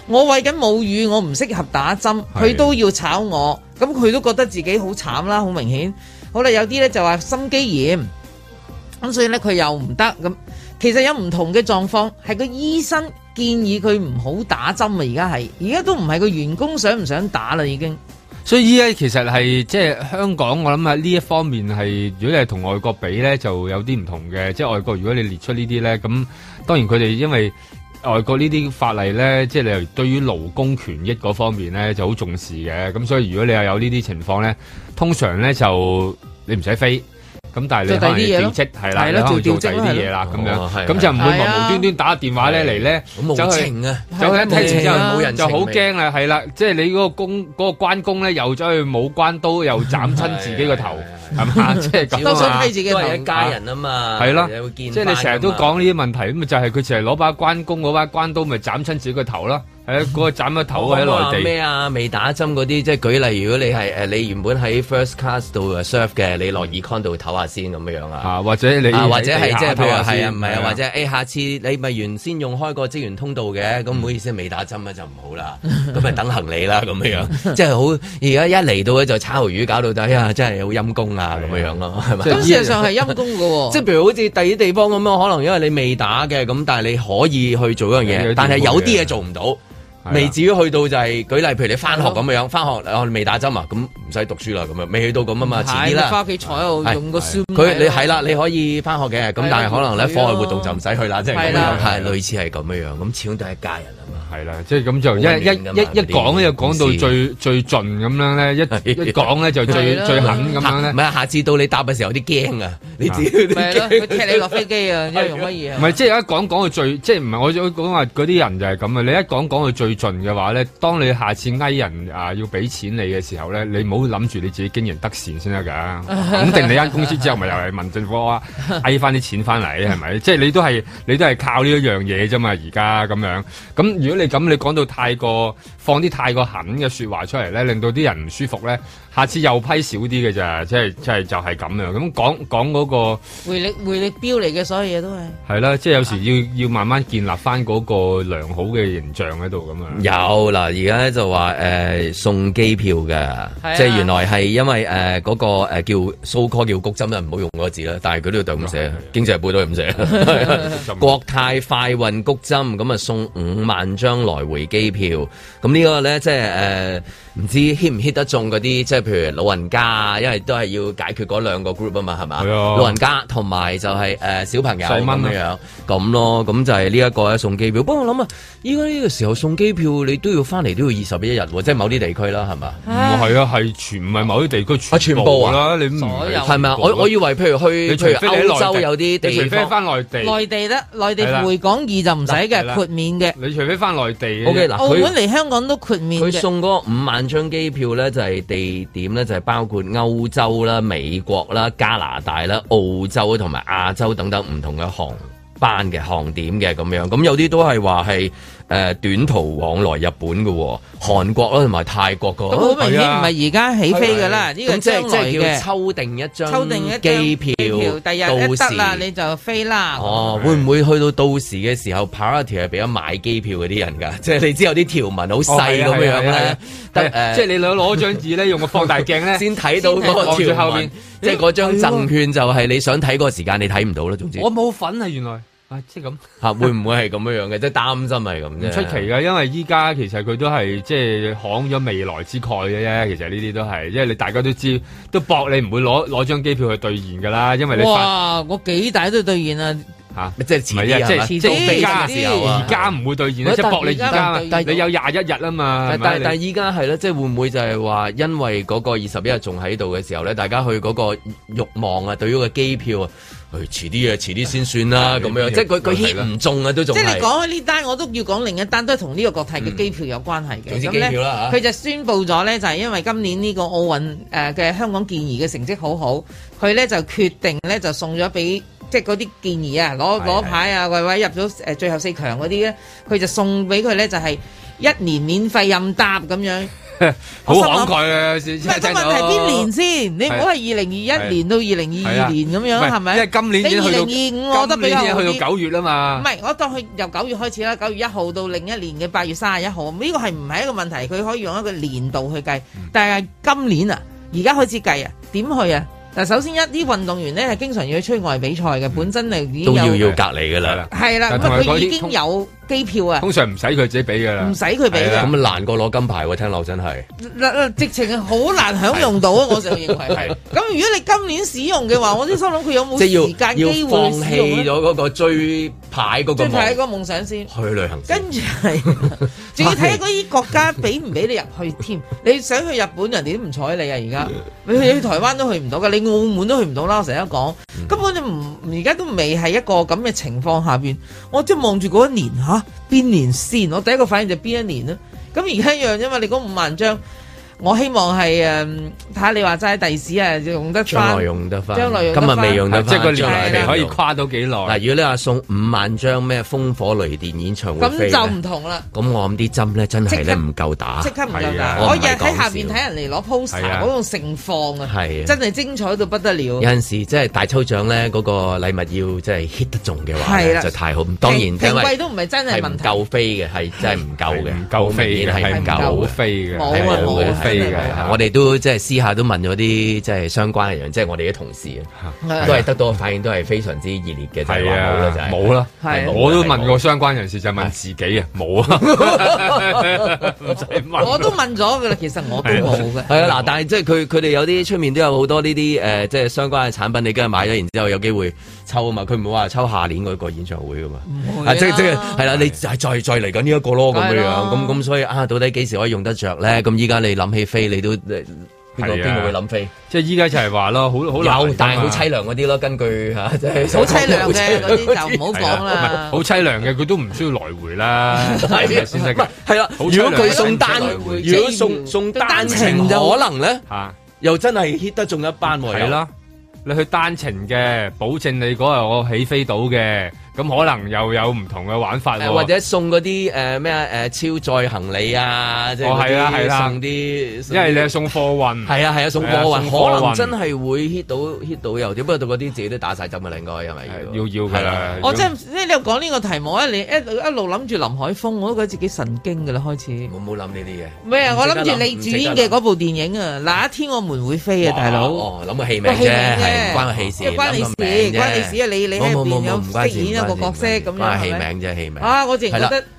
我餵緊母乳，我唔適合打針，佢都要炒我，咁佢都覺得自己好慘啦，好明顯。好啦，有啲呢就話心肌炎，咁所以呢，佢又唔得，咁其實有唔同嘅狀況，係個醫生。建議佢唔好打針啊！而家係，而家都唔係個員工想唔想打啦，已經。所以依家其實係即係香港，我諗喺呢一方面係，如果你係同外國比咧，就有啲唔同嘅。即係外國，如果你列出呢啲咧，咁當然佢哋因為外國呢啲法例咧，即係你對於勞工權益嗰方面咧就好重視嘅。咁所以如果你係有呢啲情況咧，通常咧就你唔使飛。咁但係你做啲嘢，係啦，做做啲嘢啦，咁樣，咁就唔會無無端端打電話咧嚟咧，就去，就去一睇，然之後冇人，就好驚啊，係啦，即係你嗰個公嗰個關公咧，又走去舞關刀，又斬親自己個頭，係嘛，即係咁啊，都想威自己，係一家人啊嘛，係咯，即係你成日都講呢啲問題，咁咪就係佢成日攞把關公嗰把關刀，咪斬親自己個頭咯。誒，個斬咗頭啊！咩啊？未打針嗰啲，即係舉例。如果你係誒，你原本喺 first class 度 serve 嘅，你落 econ 度唞下先咁樣樣啊？或者你或者係即係譬如係啊，唔係啊，或者誒，下次你咪原先用開個資源通道嘅，咁唔好意思，未打針啊，就唔好啦。咁咪等行李啦，咁樣樣，即係好。而家一嚟到咧就炒魷魚，搞到底啊！真係好陰功啊，咁樣樣咯，係嘛？咁事實上係陰功嘅喎，即係譬如好似第啲地方咁啊，可能因為你未打嘅，咁但係你可以去做一樣嘢，但係有啲嘢做唔到。未至於去到就係，舉例譬如你翻學咁樣翻是的 學你未打針啊，咁唔使讀書啦咁樣，未去到咁啊嘛，遲啲啦。翻屋企坐喺度用個書啊。佢你係啦，你可以翻學嘅，咁的但係可能咧的課外活動就唔使去啦，即係咁樣，係的的類似係咁樣樣，咁始終都係一家人。係啦，即係咁就一一一一講又講到最最盡咁樣咧，一一講咧就最最狠咁樣咧。唔係，下次到你答嘅時候有啲驚啊！你屌，踢你落飛機啊！仲乜嘢啊？唔係，即係一講講到最，即係唔係？我我講話嗰啲人就係咁啊！你一講講到最盡嘅話咧，當你下次呓人啊要俾錢你嘅時候咧，你唔好諗住你自己經營得善先得噶。咁定你間公司之後，咪又係民政科啊呓翻啲錢翻嚟係咪？即係你都係你都係靠呢一樣嘢啫嘛！而家咁樣咁。如果你咁，你講到太過。放啲太過狠嘅說話出嚟咧，令到啲人唔舒服咧。下次又批少啲嘅咋？即係即係就係，是，咁，就是，樣。咁講講嗰，那個回力回力標嚟嘅，所有嘢都係係啦。即係，就是，有時要要慢慢建立返嗰個良好嘅形象喺度咁樣有嗱，而家就話，呃，送機票嘅。啊，即係原來係因為嗰，呃，那個叫蘇科，so，叫谷針啦，唔好用嗰個字啦。但係佢呢度就咁寫，是是是是經濟背都係咁寫。國泰快運谷針咁啊，就送五萬張來回機票咁呢個咧，即係誒，唔知 hit 唔 hit 得中嗰啲，即係譬如老人家，因為都係要解決嗰兩個 group 啊嘛，係嘛？係啊。老人家同埋就係誒小朋友咁樣咁咯，咁就係呢一個咧送機票。不過我諗啊，依家呢個時候送機票，你都要翻嚟都要二十一日喎，即係某啲地區啦，係嘛？唔係啊，係全唔係某啲地區，全部啦，你唔係咪？我我以為譬如去譬如歐洲有啲地方除非翻內地，內地咧內地回港易就唔使嘅豁免嘅，你除非翻內地。澳門嚟香港。佢送嗰五萬張機票呢，就係地點咧，就係包括歐洲啦、美國啦、加拿大啦、澳洲同埋亞洲等等唔同嘅航班嘅航點嘅咁樣，咁有啲都係話係。誒，短途往來日本嘅，韓國啦，同埋泰國嘅，好明顯唔係而家起飛噶啦，呢個將來嘅，即係叫抽定一張，抽定一張機票，第日到時你就飛啦。哦，的會唔會去到到時嘅時候 priority 係俾咗買機票嗰啲人噶？嗯、即係你知有啲條文好細咁樣咧，即係你兩攞張紙咧，用個放大鏡咧， 先睇到嗰個條文，即係嗰張證券就係你想睇嗰個時間，你睇唔到啦，總之我冇份啊，原來。即係咁吓，會唔會係咁樣樣嘅？即係擔心係咁嘅，唔出奇噶，因為依家其實佢都係即係行咗未來之鈣嘅啫。其實呢啲都係，因為你大家都知道，都搏你唔會攞攞張機票去兌現噶啦，因為你哇，我幾大都兌現啊吓、啊啊啊啊，即係遲啲啊，即係即係而家唔會兌現即係搏你而家你有廿一日啊嘛，但但依家係咧，即係會唔會就係話，因為嗰個二十一日仲喺度嘅時候咧，大家去嗰個慾望啊，對於個機票啊？誒遲啲啊，遲啲先算啦，咁、嗯、樣、嗯、即係佢佢唔中啊，都仲即係你講開呢單，我都要講另一單，都係同呢個國泰嘅機票有關係嘅，嗯。總之機票啦佢就宣布咗咧，就係、是、因為今年呢個奧運誒嘅香港健兒嘅成績好好，佢咧就決定咧就送咗俾即係嗰啲健兒啊，攞攞牌啊，維維入咗、呃、最後四強嗰啲咧，佢就送俾佢咧就係、是、一年免費任搭咁樣。好 慷慨啊！咩、啊、不問題？邊年先？你唔好係二零二一年到二零二二年咁樣，係咪？即係今年去到。你二零二五，我覺得比較。即係去到九月啊嘛。唔係，我當去由九月開始啦。九月一號到另一年嘅八月三十一號，呢、這個係唔係一個問題？佢可以用一個年度去計，嗯、但係今年啊，而家開始計啊，點去啊？嗱，首先一啲運動員咧係經常要去出外比賽嘅，嗯、本身嚟已經都要要隔離嘅啦。係啦的，佢已經有機票啊。通常唔使佢自己俾嘅，唔使佢俾嘅。咁的的難過攞金牌喎，聽落真係。直情係好難享用到啊！ 我就認為係。咁的的如果你今年使用嘅話，我啲心諗佢有冇時間機會放棄咗嗰個最排嗰個，最排嗰個夢想先去旅行先，跟住係仲要睇下嗰啲國家俾唔俾你入去添。 你想去日本， 人哋都唔睬你啊！而家 你去台灣都去唔到噶，你澳門都去唔到啦。我成日都講，根、嗯、本就唔而家都未係一個咁嘅情況下邊。我即係望住嗰一年嚇，邊、啊、年先？我第一個反應就邊一年咧？咁而家一樣啫嘛！你嗰五萬張。我希望係誒睇下你話齋，第時誒用得翻，將來用得翻，今日未用得翻，即係可以跨到幾耐？嗱，如果你話送五萬張咩風火雷電演唱會飛，咁就唔同啦。咁我諗啲針咧真係咧唔夠打，即刻唔夠打。我日喺下邊睇人嚟攞 poster，嗰種盛況啊，係真係精彩到不得了。有陣時即係大抽獎咧，嗰個禮物要即係 hit 得中嘅話就太好。當然平貴都唔係真係問題，夠飛嘅係真係唔夠嘅，唔夠飛嘅係唔夠飛嘅。冇冇嘅。我哋都即係私下都問咗啲即係相關嘅人，即係我哋啲同事啊，都係得到反應都係非常之熱烈嘅。係啊，冇啦，我都問過相關人士，就係問自己啊，冇啊，我都問咗噶啦，其實我都冇嘅。係啊，嗱，但係即係佢佢哋有啲出面都有好多呢啲誒，即係相關嘅產品，你梗係買咗，然之後有機會抽啊嘛，佢唔好話抽下年嗰個演唱會噶嘛，即即係係啦，你再再嚟緊呢一個咯咁樣樣，咁咁所以啊，到底幾時可以用得着咧？咁依家你諗起。飛你都，邊個邊個會諗飛？即係依家就係話咯，好好有，但係好淒涼嗰啲咯。根據吓，即係好淒涼嘅啲就唔好講啦。好淒涼嘅，佢都唔需要來回啦。係啊，先係係啦，如果佢送單，如果送送單程就可能咧。吓，又真係 hit 得中一班係啦，你去單程嘅，保證你嗰日我起飛到嘅。咁可能又有唔同嘅玩法喎，或者送嗰啲誒咩啊，誒超載行李啊，即係係嗰啲送啲，因為你係送貨運，係啊係啊送貨運，可能真係會 hit 到 hit 到又點？不過嗰啲自己都打晒針啊，另外係咪要要要係啦？我真即係你又講呢個題目啊，你一一路諗住林海峰，我都覺得自己神經嘅啦，開始。冇冇諗呢啲嘢。唔係啊，我諗住你主演嘅嗰部電影啊，哪一天我們會飛啊，大佬。諗個戲名啫，關個戲事，諗個名啫，關你事，關你事啊！你你喺邊有唔識演啊？個角色咁樣係咪？啊，我淨係覺得。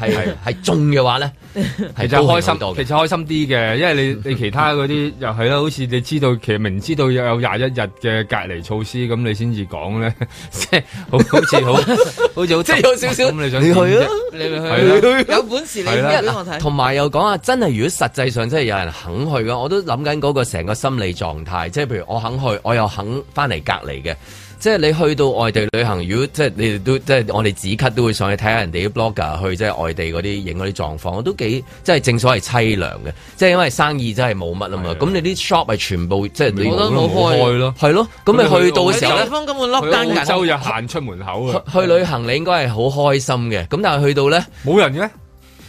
係係係中嘅話咧，係其實開心，其實開心啲嘅，因為你你其他嗰啲又係啦，好似你知道，其實明知道有廿一日嘅隔離措施，咁你先至講咧，即係好好似好，好似即係有少少。咁你想去咯、啊？你咪去，有本事是、啊、你一。同埋、啊、又講下，真係如果實際上真係有人肯去嘅，我都諗緊嗰個成個心理狀態，即係譬如我肯去，我又肯翻嚟隔離嘅。即係你去到外地旅行，如果即係你哋都即係我哋自己都會上去睇下人哋啲 blog，去即係外地嗰啲影嗰啲狀況，都幾即係正所謂凄涼嘅。即係因為生意真係冇乜啊嘛，咁的你啲 shop 係全部即係冇得冇開咯，係咯。咁咪去到時候呢，南方咁悶咯，但周日又行出門口去，去旅行你應該係好開心嘅，咁但係去到咧冇人嘅。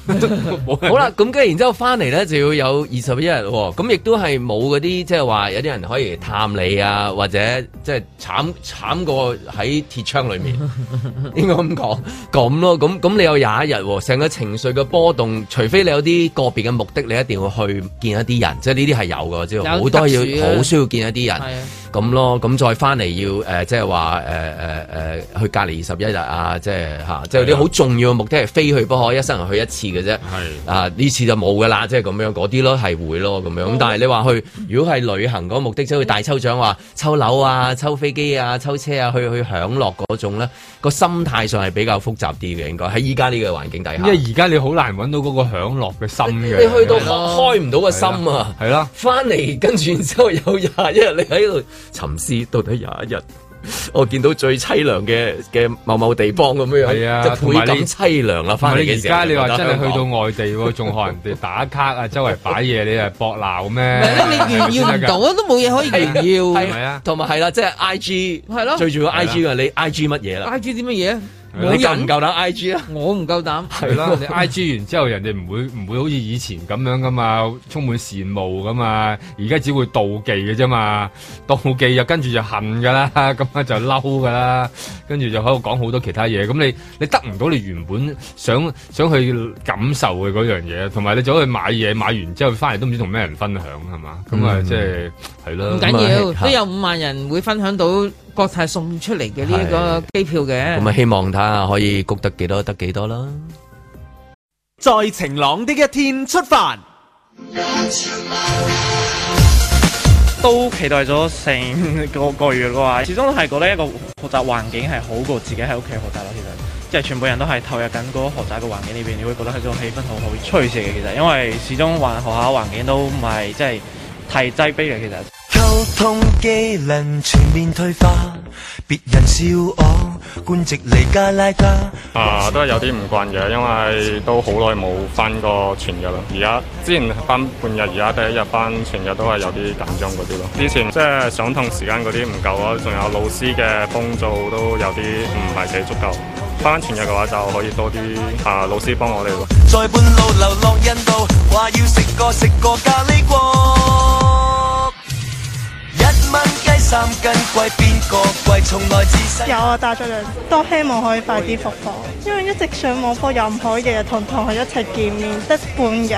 好啦，咁跟然之後翻嚟咧，就要有二十一日，咁亦都係冇嗰啲即係話有啲人可以探你啊，或者即係慘慘過喺鐵窗裏面， 應該咁講咁咯。咁咁你有廿一日，成個情緒嘅波動，除非你有啲個別嘅目的，你一定要去見一啲人，即係呢啲係有嘅，即係好多要好需要見一啲人。係啊。咁咯，咁再翻嚟要誒，即係話誒誒去隔離二十一日啊！即係嚇，即係啲好重要嘅目的係非去不可，一生人去一次嘅啫。係啊，呢、啊啊、次就冇噶啦，即係咁樣嗰啲咯，係會咯咁樣。咁但係你話去，如果係旅行嗰個目的，即、就、去、是、大抽獎，話抽樓啊、抽飛機啊、抽車啊，去去享樂嗰種咧，個心態上係比較複雜啲嘅。應該喺依家呢個環境底下，因為而家你好難搵到嗰個享樂嘅心嘅。你，你去到開唔到個心啊，係翻嚟跟住之後有廿一日你喺度。沉思到底有一日，我見到最淒涼嘅嘅某某地方咁樣樣，即係倍感淒涼啦。翻嚟而家你話真係去到外地，仲學人哋打卡啊，周圍擺嘢，你係博鬧咩？你炫耀唔同啊，都冇嘢可以炫耀，係啊？同埋係啦，即係 I G 係咯，最重要 I G 啊，你 I G 乜嘢啦？I G 啲乜嘢？我又你夠唔夠膽 I G 啦，我唔夠膽係啦。I G 完之後，人哋唔會唔會好似以前咁樣噶嘛，充滿羨慕噶嘛，而家只會妒忌嘅啫嘛，妒忌又跟住就恨噶啦，咁啊就嬲噶啦，跟住就喺度講好多其他嘢。咁你你得唔到你原本想想去感受嘅嗰樣嘢，同埋你走去買嘢，買完之後翻嚟都唔知同咩人分享係嘛，咁啊即係係啦。唔緊要，嗯、都有五萬人會分享到。國泰送出嚟嘅，呢一個機票嘅，咁咪希望睇下可以谷得幾多得幾多啦。在晴朗的一天出發，都期待咗成個個月嘅話，始終都係覺得一個學習環境係好過自己喺屋企學習咯。其實，即係全部人都係投入緊嗰個學習嘅環境裏邊，你會覺得係種氣氛好好，舒適嘅。其實，因為始終話學校環境都唔係即係太擠逼嘅，其實。啊，都係有啲唔慣嘅，因為都好耐冇返過全日啦。而家之前返半日，而家第一日返全日都係有啲緊張嗰啲咯。以前即係上堂時間嗰啲唔夠咯，仲有老師嘅輔助都有啲唔係幾足夠。返全日嘅話就可以多啲啊、呃、老師幫我哋咯。在半路流落印度，話要食個食個咖喱鍋。有啊，大咗都希望可以快啲復課，因為一直上網課又唔可以日日同同學一齊見面，得半日，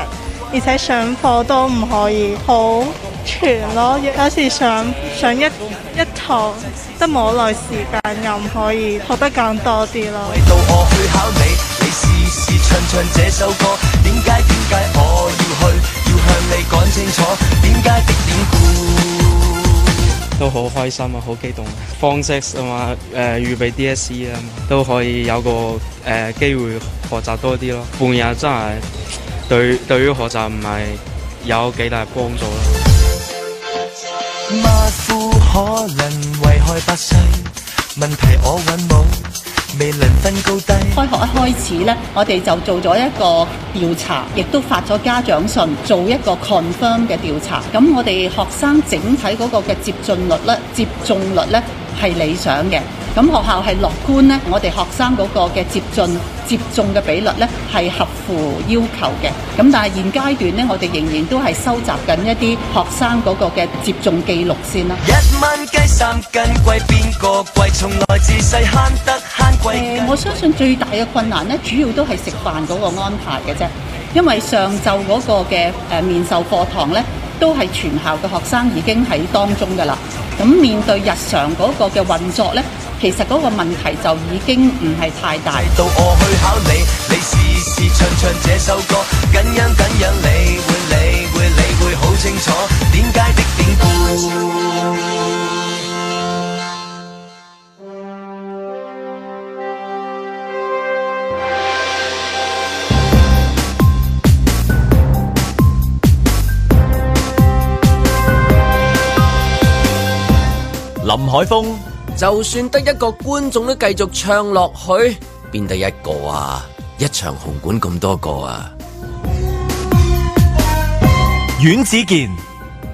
而且上課都唔可以好全咯，有時上上一一堂得冇耐時間又唔可以學得更多啲咯。都好開心啊，好激動啊！方式啊嘛，誒、呃，預備 DSE 啊，都可以有個誒機、呃、會學習多啲咯。半啊，日真係對對於學習唔係有幾大幫助咯、啊。馬虎可能未分高低。開學一開始呢，我哋就做咗一個調查，亦都發咗家長信，做一個 confirm 嘅調查。咁我哋學生整體嗰個嘅接種率呢，接種率呢，係理想嘅。咁學校係樂觀呢，我哋學生嗰個嘅接近接種嘅比率呢，係合乎要求嘅。咁但係現階段呢，我哋仍然都係收集緊一啲學生嗰個嘅接種記錄先啦。一蚊雞三斤貴邊個貴？從來自細慳得慳貴。呃，我相信最大嘅困難呢，主要都係食飯嗰個安排嘅啫，因為上晝嗰個嘅誒、呃、面授課堂呢。都係全校嘅學生已經喺當中㗎啦，咁面對日常嗰個嘅運作呢，其實嗰個問題就已經唔係太大，嚟到我去考你，你試試唱唱這首歌，噉樣噉樣，你會你會你會好清楚點解的點故。林海峰，就算得一個觀眾都繼續唱落去，邊得一個啊？一場紅館咁多個啊！阮子健，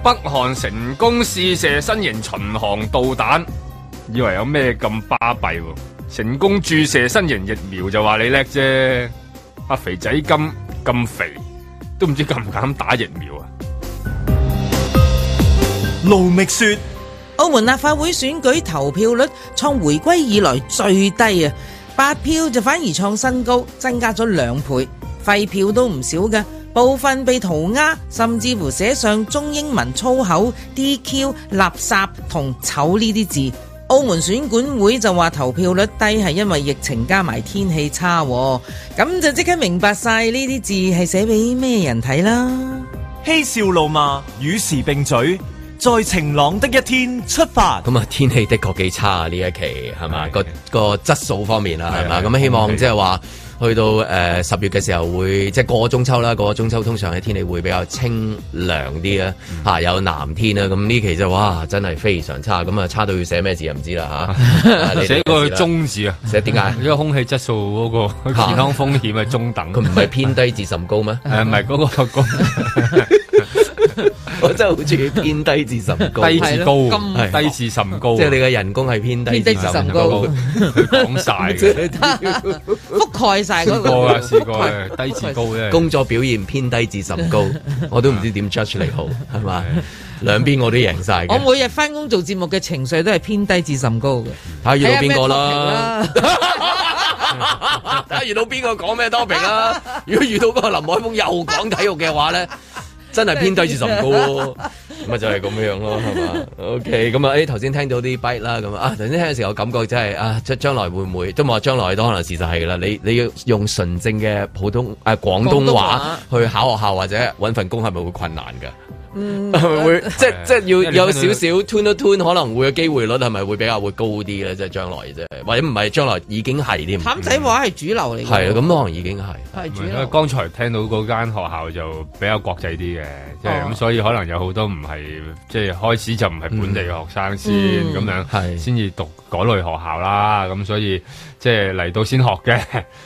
北韓成功試射新型巡航導彈，以為有咩咁巴閉？成功注射新型疫苗就話你叻啫。阿肥仔咁咁肥，都唔知敢唔敢打疫苗啊？盧覓雪。澳門立法會選舉投票率創回歸以來最低啊，白票就反而創新高，增加咗兩倍，廢票都唔少嘅，部分被塗鴉，甚至乎寫上中英文粗口、DQ、垃圾同醜呢啲字。澳門選管會就話投票率低係因為疫情加埋天氣差，咁就即刻明白晒呢啲字係寫俾咩人睇啦？嬉笑怒罵與時並舉。在晴朗的一天出發。咁啊，天氣的確幾差啊！呢一期係嘛個個質素方面啦，係嘛咁希望即係話去到誒十月嘅時候會即係過中秋啦，過中秋通常嘅天氣會比較清涼啲啦，吓有藍天啦。咁呢期就哇真係非常差，咁啊差到要寫咩字唔知啦吓，寫個中字啊？寫點解？因為空氣質素嗰個健康風險係中等，佢唔係偏低至甚高咩？誒，唔係嗰個我真係好中意偏低至甚高。低至高，低至甚高，即係你嘅人工係偏低至甚高，講晒，覆蓋晒。試過啦，試過低至高啫。工作表現偏低至甚高，我都唔知點 judge 嚟好，係嘛？兩邊我都贏晒。我每日翻工做節目嘅情緒都係偏低至甚高嘅。睇遇到邊個啦？睇遇到邊個講咩 topic 啦？如果遇到嗰個林海峰又講體育嘅話咧？真係偏低住就唔高，咁、okay, 就係咁樣樣咯，係嘛？OK，咁啊，誒頭先聽到啲 bite 啦，咁、就是、啊，頭先聽嘅時候感覺真係啊，即將來會唔會都冇話，將來都可能事實係噶啦。你你要用純正嘅普通誒廣、啊、東話去考學校或者搵份工，係咪會困難噶？嗯， 會的即係即係要有少少 turn 都 turn，可能會有機會率係咪會比較會高啲咧？即係將來啫，或者唔係將來已經係添。毯仔話係主流嚟嘅，係啊，咁可能已經係係主。因為剛才聽到嗰間學校就比較國際啲嘅，即係咁，就是、所以可能有好多唔係即係開始就唔係本地嘅學生先咁、嗯、這樣的，係先至讀嗰類學校啦。咁所以。即係嚟到先學嘅，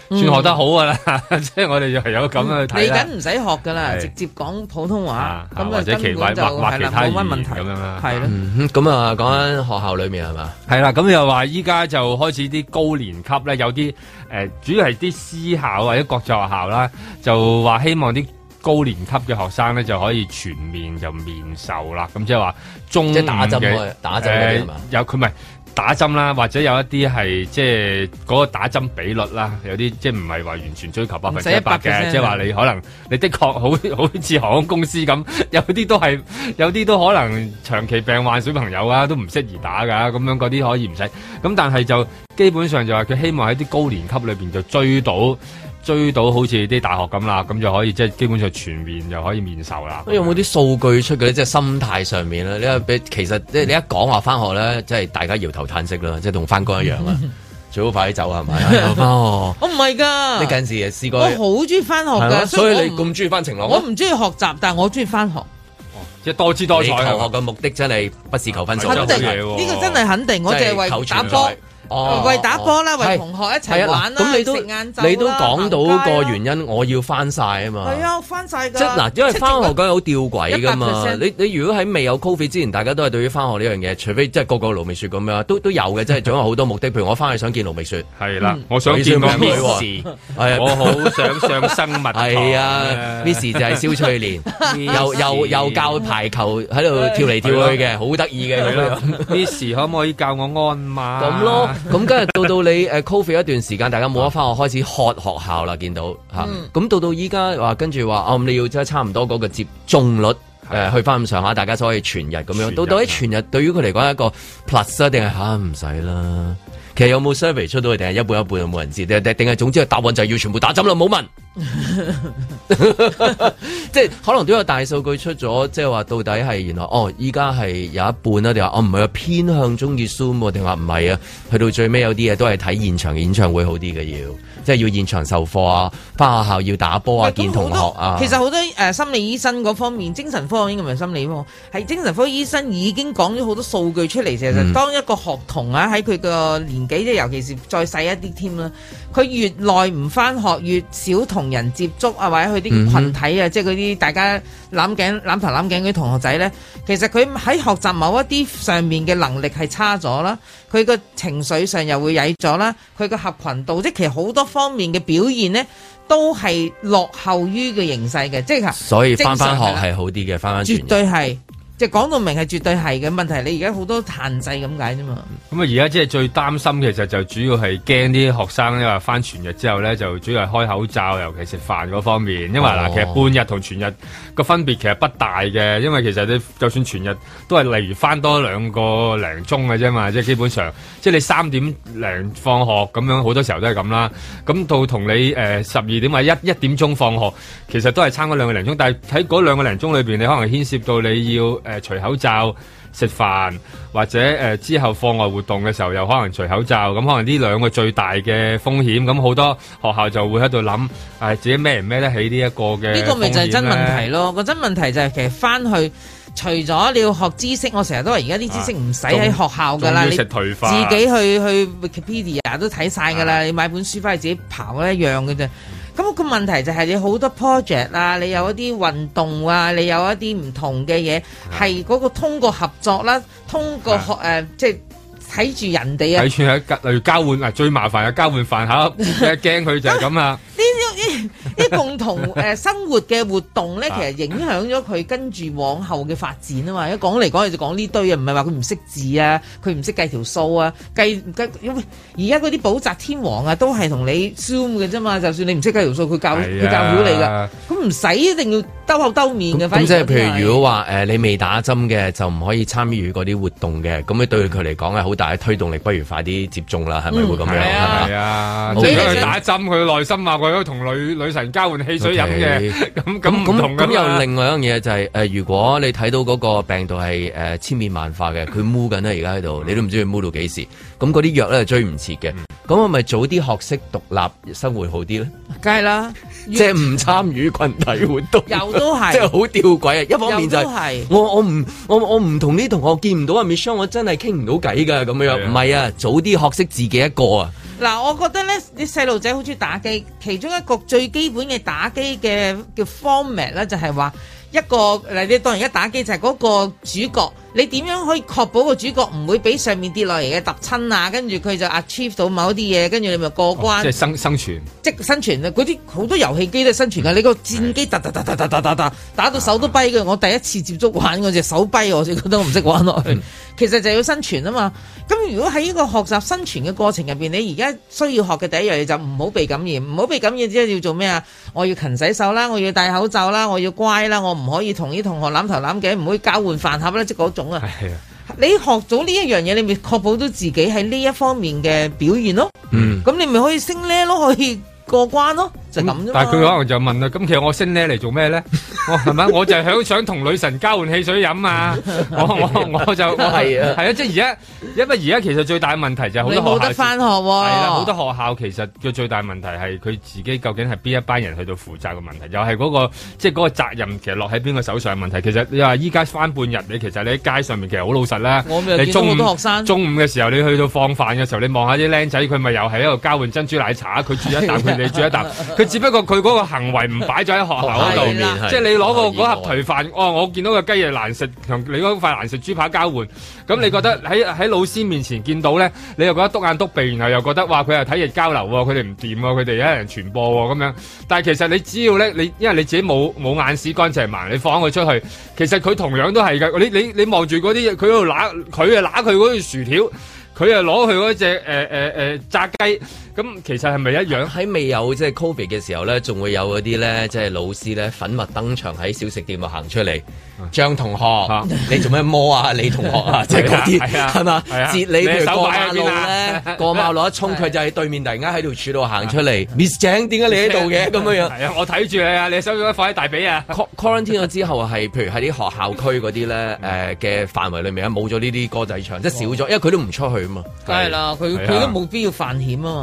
算學得好噶啦。即係我哋就係有咁樣睇啦。嚟緊唔使學噶啦，直接講普通話，咁或者其他或或其他語言咁樣係咁啊，講喺學校裏面係嘛，係啦。咁又話依家就開始啲高年級咧，有啲誒，主要係啲私校或者國際學校啦，就話希望啲高年級嘅學生咧，就可以全面就面授啦。咁即係話中即係打針開打針嗰啲啊嘛，有佢唔係。打針啦，或者有一啲係即係嗰個打針比率啦，有啲即係唔係話完全追求百分之一百嘅，即係話你可能你的確好好似航空公司咁，有啲都係有啲都可能長期病患小朋友啊，都唔適宜打㗎，咁樣嗰啲可以唔使。咁但係就基本上就話佢希望喺啲高年級裏面就追到。追到好似啲大學咁啦，咁就可以即基本上全面又可以面授啦。咁有冇啲數據出嘅咧？即係心態上面呢？你一其實即係你一講話翻學咧，即係大家搖頭嘆息啦，即係同翻工一樣啦，最好快啲走係咪？翻學我唔係㗎，你近時試過我好中意翻學㗎，所以你咁中意翻情我唔中意學習，但我中意翻學。即係多姿多彩，求學嘅目的真係不是求分數嘅喎。呢個真係肯定，我就係為打為打波啦，為同學一齊玩啦，咁你都你都講到個原因，我要翻曬啊嘛。係啊，翻曬噶。即係嗱，因為翻學覺得好吊詭噶嘛。你你如果喺未有 coffee 之前，大家都係對於翻學呢樣嘢，除非即係個個盧美雪咁樣，都都有嘅，即係總有好多目的。譬如我翻去想見盧美雪，係啦，我想見到佢。我好想上生物。係啊，Miss 就係蕭翠蓮，又又又教排球喺度跳嚟跳去嘅，好得意嘅咁樣。Miss 可唔可以教我鞍馬？咁咯。咁今日到到你誒 COVID 一段時間，大家冇得翻，我開始學學校啦，見到吓。咁、嗯、到到依家，話跟住話，哦、嗯，你要即係差唔多嗰個接種率誒的、呃，去翻咁上下，大家先可以全日咁樣。到到喺全日，全日對於佢嚟講，一個 plus 定係吓唔使啦？其實有冇 service 出到去定係一半一半，有冇人知？定係係總之，答案就要全部打針啦，冇問。 即係可能都有大數據出咗，即係話到底係原來哦，依家係有一半啦，啊，定話哦唔係啊，偏向中意 Zoom 啊，定話唔係啊？去到最尾有啲嘢都係睇現場嘅演唱會好啲嘅，要即係要現場授課啊，翻學校要打波啊，見同學啊。其實好多誒心理醫生嗰方面，精神科應該唔係心理科，啊，係精神科醫生已經講咗好多數據出嚟，其實當一個學童啊，喺佢個年紀即係尤其是再細一啲添啦，佢越耐唔翻學越少同。同人接觸啊，或者佢啲群體啊，嗯、哼即係嗰啲大家攬頸攬頭攬頸啲同學仔呢，其實佢喺學習某一啲上面嘅能力係差咗啦，佢個情緒上又會曳咗啦，佢個合群度即係其實好多方面嘅表現呢都係落後於嘅形勢嘅，即係所以返返學係好啲嘅，返返學絕對係。即係講到明係絕對係嘅問題你的，你而家好多限制咁解啫嘛。咁啊，而家即係最擔心，其實就主要係驚啲學生因為翻全日之後咧，就主要係開口罩，尤其食飯嗰方面。因為嗱，其實半日同全日個分別其實不大嘅，因為其實你就算全日都係例如翻多兩個零鐘嘅啫嘛，即係基本上，即係你三點零放學咁樣，好多時候都係咁啦。咁到同你誒十二點或一一點鐘放學，其實都係差嗰兩個零鐘，但係喺嗰兩個零鐘裏邊，你可能牽涉到你要。誒，除口罩食飯，或者誒、呃、之後課外活動嘅時候又可能除口罩，咁可能呢兩個最大嘅風險，咁好多學校就會喺度諗，誒、呃、自己孭唔孭得起呢一個嘅？呢個咪就係真問題咯，個真問題就係其實翻去除咗你要學知識，我成日都話而家啲知識唔使喺學校噶啦，啊、要你自己去去 Wikipedia 都睇晒噶啦，啊、你買本書翻去自己刨一樣嘅啫。咁個問題就係你好多 project 啊，你有一啲運動啊，你有一啲唔同嘅嘢，係嗰、嗯、個通過合作啦，通過學誒，即係睇住人哋啊，睇住喺例如交換啊，最麻煩啊，交換飯盒，你驚佢就係咁啊。 啲共同誒生活嘅活動咧，其實影響咗佢跟住往後嘅發展啊嘛！一講嚟講去，就講呢堆啊，唔係話佢唔識字啊，佢唔識計條數啊，計計因為而家嗰啲補習天王啊，都係同你 Zoom 嘅啫嘛！就算你唔識計條數，佢教佢教表你㗎，咁唔使一定要兜口兜面嘅。咁即係譬如如果話、呃、你未打針嘅，就唔可以參與嗰啲活動嘅。咁咧對佢嚟講係好大嘅推動力，不如快啲接種啦，係咪會咁樣？係啊，打針，佢內心啊，佢都同女女神。交換汽水飲嘅，咁咁唔同噶啦。咁又另外一樣嘢就係、是，誒、呃，如果你睇到嗰個病毒係誒、呃、千變萬化嘅，佢污緊啦而家喺度， 你都唔知佢污到幾時。咁嗰啲藥咧係追唔切嘅，咁我咪早啲學識獨立生活好啲咧？梗係啦，即係唔參與群體活動，又都係，即係好吊詭啊！一方面就係、是，我我唔我我唔同啲同學見唔到啊 Michelle，我真係傾唔到偈噶咁樣，唔係啊，啊，早啲學識自己一個啊！嗱，我覺得咧，啲細路仔好中意打機，其中一個最基本嘅打機嘅叫 format 咧，就係話一個，嗱，你當然一打機就係嗰個主角。你點樣可以確保個主角唔會俾上面跌落嚟嘅揼親啊？跟住佢就 achieve 到某啲嘢，跟住你咪過關。哦、即係生生存，即生存啊！嗰啲好多遊戲機都係生存㗎。你個戰機突突突突突突突打到手都跛嘅。啊、我第一次接觸玩嗰隻手跛，我覺得我唔識玩落去。嗯、其實就要生存啊嘛！咁如果喺呢個學習生存嘅過程入邊，你而家需要學嘅第一樣嘢就唔好被感染，唔好被感染之後要做咩啊？我要勤洗手啦，我要戴口罩啦，我要乖啦，我唔可以同啲同學攬頭攬頸，唔可以交換飯盒啦，即嗰種。係啊， 你學咗呢一樣嘢，你咪確保到自己喺呢一方面嘅表現咯。嗯，咁你咪可以升 level，可以過關咯。嗯、但係佢可能就問啦，咁 其實我升呢嚟做咩咧？ 我係咪？我就係想想同女神交換汽水飲啊 ！我我我就我係啊，係啊！ 即係而家，因為而家其實最大嘅問題就係好多學校翻學、哦，係啦，好多學校其實嘅最大嘅問題係佢自己究竟係邊一班人去到負責嘅問題，又係嗰、嗰個即係嗰個責任其實落喺邊個手上嘅問題。其實你話依家翻半日，你其實你喺街上面其實好老實啦。我咪見好多學生中午嘅時候，你去到放飯嘅時候，你望下啲僆仔，佢咪又係喺度交換珍珠奶茶，佢煮一啖，佢你 煮一啖。 只不過佢嗰個行為唔擺咗喺學校嗰度 的即係你攞個嗰盒頹飯，哦，我見到個雞翼難食，同你嗰塊難食豬扒交換，咁你覺得喺喺老師面前見到咧，你又覺得篤眼篤鼻，然後又覺得話，佢係體液交流喎，佢哋唔掂喎，佢哋有人傳播喎，咁樣。但係其實你只要咧，你因為你自己冇冇眼屎乾淨盲，你放佢出去，其實佢同樣都係㗎。你你你望住嗰啲，佢喺度揦，佢啊揦佢嗰條薯條，佢啊攞佢嗰隻誒誒誒炸雞。咁其實係咪一樣？喺未有即係 COVID 嘅時候咧，仲會有嗰啲咧，即係老師咧粉墨登場喺小食店度行出嚟，張同學，你做咩摸啊？李同學啊，即係嗰啲係嘛？截你譬如過馬路咧，過馬路一衝，佢就喺對面突然間喺條柱度行出嚟。Miss 井點解你喺度嘅咁樣樣？係啊，我睇住你啊，你手邊放喺大髀啊。Quarantine 咗之後係，譬如喺啲學校區嗰啲咧誒嘅範圍裡面啊，冇咗呢啲歌仔唱，即係少咗，因為佢都唔出去啊嘛。梗係啦，佢佢都冇必要犯險啊。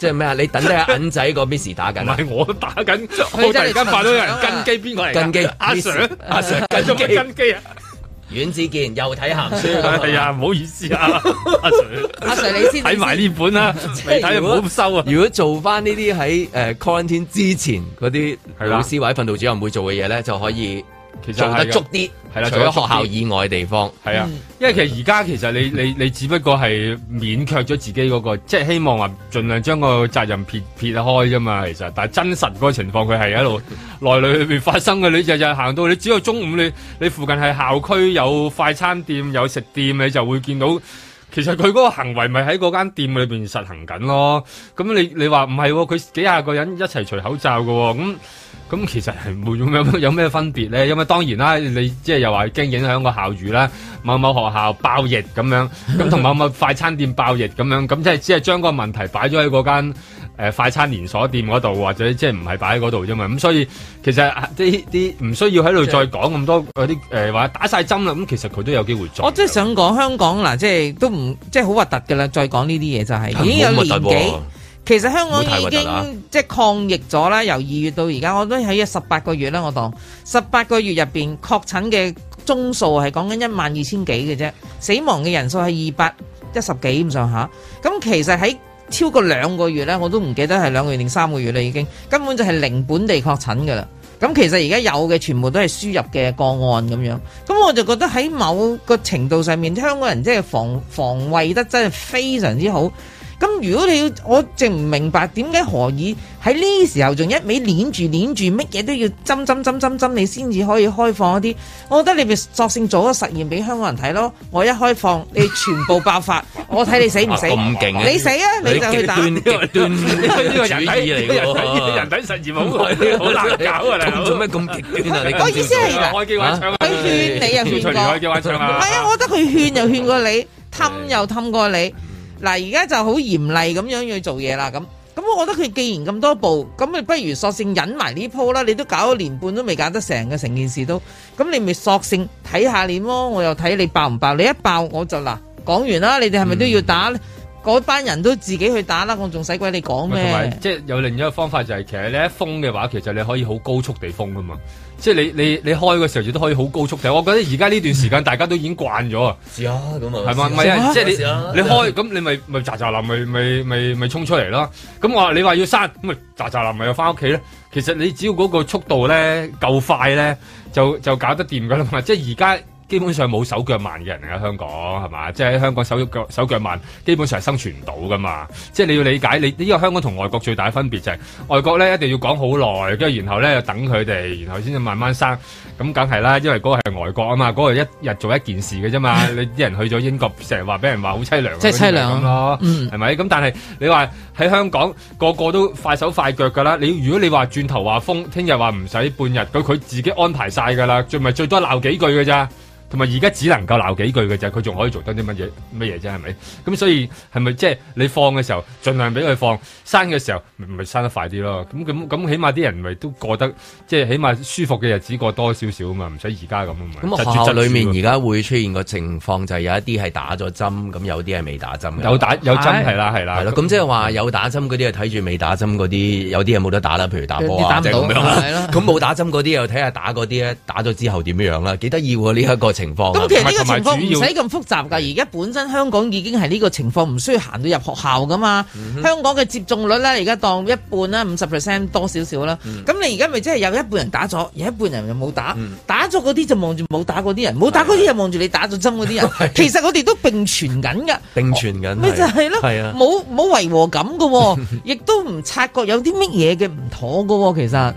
即係咩啊？你等低阿銀仔個 miss 打緊，唔係我打緊。我突然間發到有人跟機，邊個嚟？跟機阿 Sir，阿 Sir 跟機跟機啊！阮子健又睇鹹書，係啊，唔好意思啊，阿 Sir，阿 Sir 你先睇埋呢本啊，未睇就唔好收啊！如果做翻呢啲喺誒 content 之前嗰啲老師或者訓導主任會做嘅嘢咧，就可以其實做得足啲。係啦，是啊，除咗學校以外嘅地方，係啊，因為其實而家其實你你你只不過係勉強咗自己嗰個，即係希望話儘量將個責任撇撇開啫嘛。其實，但係真實嗰個情況，佢係一路喺裏邊發生嘅。你日日行到，你只要中午你你附近係校區有快餐店有食店，你就會見到。其實佢嗰個行為咪喺嗰間店裏邊實行緊咯，咁你你話唔係？佢幾廿個人一齊除口罩嘅，哦、咁、嗯、咁、嗯、其實係有有有咩分別咧？因為當然啦，你即係又話驚影響個校譽啦，某某學校爆疫咁樣，咁同某某快餐店爆疫咁樣，咁即係只係將個問題擺咗喺嗰間。誒快餐連鎖店嗰度，或者即係唔係擺喺嗰度啫嘛，咁所以其實啲啲唔需要喺度再講咁多嗰啲誒，話打晒針啦，咁其實佢都有機會中。我真係想講香港嗱、啊，即係都唔即係好核突㗎啦，再講呢啲嘢就係、是、已經有年紀，其實香港已經即係抗疫咗啦，由二月到而家，我都喺一十八個月啦，我當十八個月入面確診嘅宗數係講緊一萬二千幾嘅啫，死亡嘅人數係二百一十幾咁上下，咁、啊、其實喺。超過兩個月呢，我都唔記得係兩個月定三個月啦，已經根本就係零本地確診㗎喇。咁其實而家有嘅全部都係輸入嘅個案咁樣。咁我就覺得喺某個程度上面，香港人即係防防衛得真係非常之好。咁如果你要，我淨唔明白點解何以喺呢時候仲一味捻住捻住，乜嘢都要針針針針針，你先至可以開放一啲？我覺得你咪索性做咗實驗俾香港人睇咯。我一開放，你全部爆發，我睇你死唔死？咁勁！你死啊！你就去打呢個人體嚟嘅，人體實驗好難搞啊！你做咩咁極端啊？你我意思係，勸你又勸過，係啊！我覺得佢勸又勸過你，氹又氹過你。嗱，而家就好嚴厲咁樣去做嘢啦，咁咁我覺得佢既然咁多步，咁咪不如索性忍埋呢鋪啦，你都搞咗年半都未搞得成嘅，成件事都，咁你咪索性睇下你咯，我又睇你爆唔爆，你一爆我就嗱講完啦，你哋係咪都要打呢？嗯嗯。嗰班人都自己去打啦，我仲使鬼你講咩？同埋即係有另一個方法就係、是，其實你一封嘅話，其實你可以好高速地封噶嘛。即係你你你開嘅時候，亦都可以好高速嘅。嗯、我覺得而家呢段時間大家都已經慣咗啊。啊，咁啊，係嘛？係啊，即係你你開咁，你咪咪渣渣林咪咪咪咪衝出嚟啦。咁我話你話要閂咁，渣渣林咪又翻屋企咧。其實你只要嗰個速度咧夠快咧，就就搞得掂噶啦嘛。即係而家。基本上冇手腳慢嘅人嚟香港，係嘛？即係喺香港手腳手腳慢，基本上係生存唔到噶嘛。即係你要理解，你呢個香港同外國最大嘅分別就係、是、外國咧一定要講好耐，跟住然後咧又等佢哋，然後先至慢慢生。咁梗係啦，因為嗰個係外國啊嘛，嗰、那個一日做一件事嘅啫嘛。 你啲人去咗英國，成日話俾人話好凄涼，即係凄涼咁咯，係咪、嗯？咁但係你話喺香港個個都快手快腳㗎啦。你如果你話轉頭話風，聽日話唔使半日，佢自己安排晒㗎啦，最咪最多鬧幾句㗎咋？同埋而家只能夠鬧幾句嘅就係，佢仲可以做得啲乜嘢乜嘢啫？係咪？咁所以係咪即係你放嘅時候，盡量俾佢放；生嘅時候，咪生得快啲咯？咁咁咁，起碼啲人咪都過得即係起碼舒服嘅日子過多少少啊嘛，唔使而家咁啊嘛。咁學校裏面而家會出現個情況就係有一啲係打咗針，咁有啲係未打針。有打有針係啦係啦。係咯，咁即係話有打針嗰啲，睇住未打針嗰啲，有啲係冇得打啦，譬如打波啊，即係咁樣啦。咁冇打針嗰啲又睇下打嗰啲咧，打咗之後點樣樣啦？幾得意喎呢一個。情況咁、啊，其實呢個情況唔使咁複雜噶。而家本身香港已經係呢個情況，唔需要行到入學校噶嘛。香港嘅接種率咧，而家當一半啦，五十 percent 多少少啦。咁你而家咪即係有一半人打咗，有一半人又冇打。打咗嗰啲就望住冇打嗰啲人，冇打嗰啲又望住你打咗針嗰啲人。其實我哋都並存緊噶，並存緊咪就係咯，冇冇違和感嘅，亦都唔察覺有啲乜嘢嘅唔妥嘅，其實。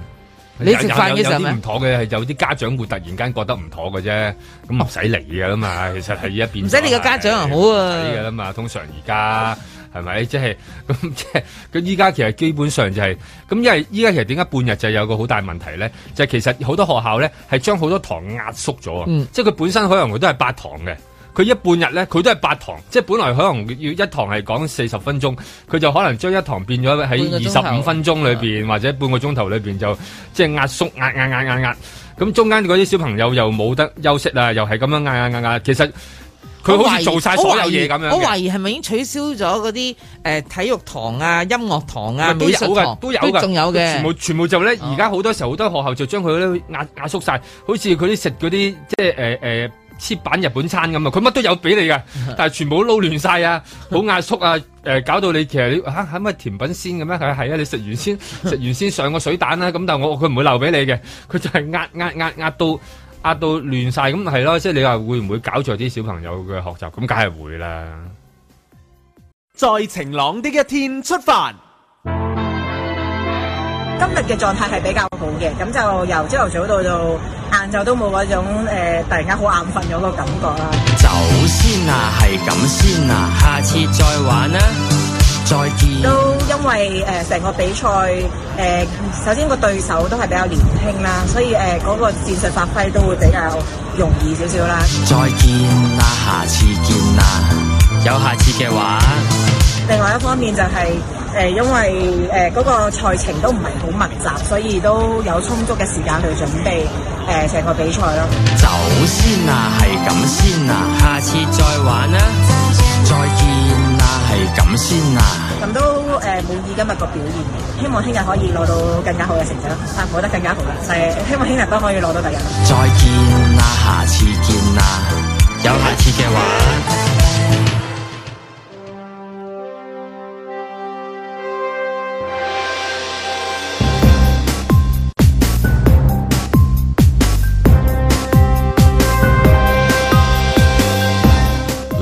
你食飯嘅時候，唔妥嘅係有啲家長會突然間覺得唔妥嘅啫，咁唔使理㗎嘛，哦、其實係一邊唔使理個家長又好啊，咁嘛，通常而家係咪？即係咁即係佢依家其實基本上就係、是、咁，因為依家其實點解半日就有個好大問題咧？就係、其實好多學校咧係將好多堂壓縮咗啊，嗯、即係佢本身可能會都係八堂嘅。佢一半日咧，佢都係八堂，即係本來可能要一堂係講四十分鐘，佢就可能將一堂變咗喺二十五分鐘裏邊，或者半個鐘頭裏邊就即係壓縮壓壓壓壓壓。咁中間嗰啲小朋友又冇得休息啊，又係咁樣壓壓壓壓。其實佢好似做曬所有嘢咁樣。我懷疑係咪已經取消咗嗰啲誒體育堂啊、音樂堂啊、美術堂？都有嘅，都有嘅，全部全部就咧而家好多時候好多學校就將佢咧壓壓縮曬，好似佢啲食嗰啲即係誒誒。切版日本餐咁啊，佢乜都有俾你噶，但係全部都撈亂晒啊，好壓縮啊，誒，搞到你其實你吓，係咪甜品先咁樣？係係啊，你食完先，食完先上個水蛋啦。咁但係我佢唔會漏俾你嘅，佢就係壓壓壓壓到壓到亂晒咁係咯。即係你話會唔會搞錯啲小朋友嘅學習？咁梗係會啦。在晴朗的一天出發。今日嘅狀態係比較好嘅，咁就由朝頭早到到晏晝都冇嗰種、呃、突然間好眼瞓嗰個感覺啦。走先啊，係咁先啊，下次再玩啦、啊，再見。都因為誒成、呃、個比賽誒、呃，首先個對手都係比較年輕啦，所以誒嗰、呃嗰個戰術發揮都會比較容易少少啦。再見啊，下次見啊，有下次嘅話。另外一方面就係、係。誒、呃，因為誒嗰、呃那個賽程都唔係好密集，所以都有充足嘅時間去準備誒成、呃、個比賽咯。走先啦、啊，係咁先啦、啊，下次再玩啦、啊。再見啦、啊，係咁先啦、啊。咁都誒滿意今日個表現，希望聽日可以攞到更加好嘅成績啦，發揮得更加好啦，就係希望聽日都可以攞到第一。再見啦、啊，下次見啦、啊，有下次嘅話。嗯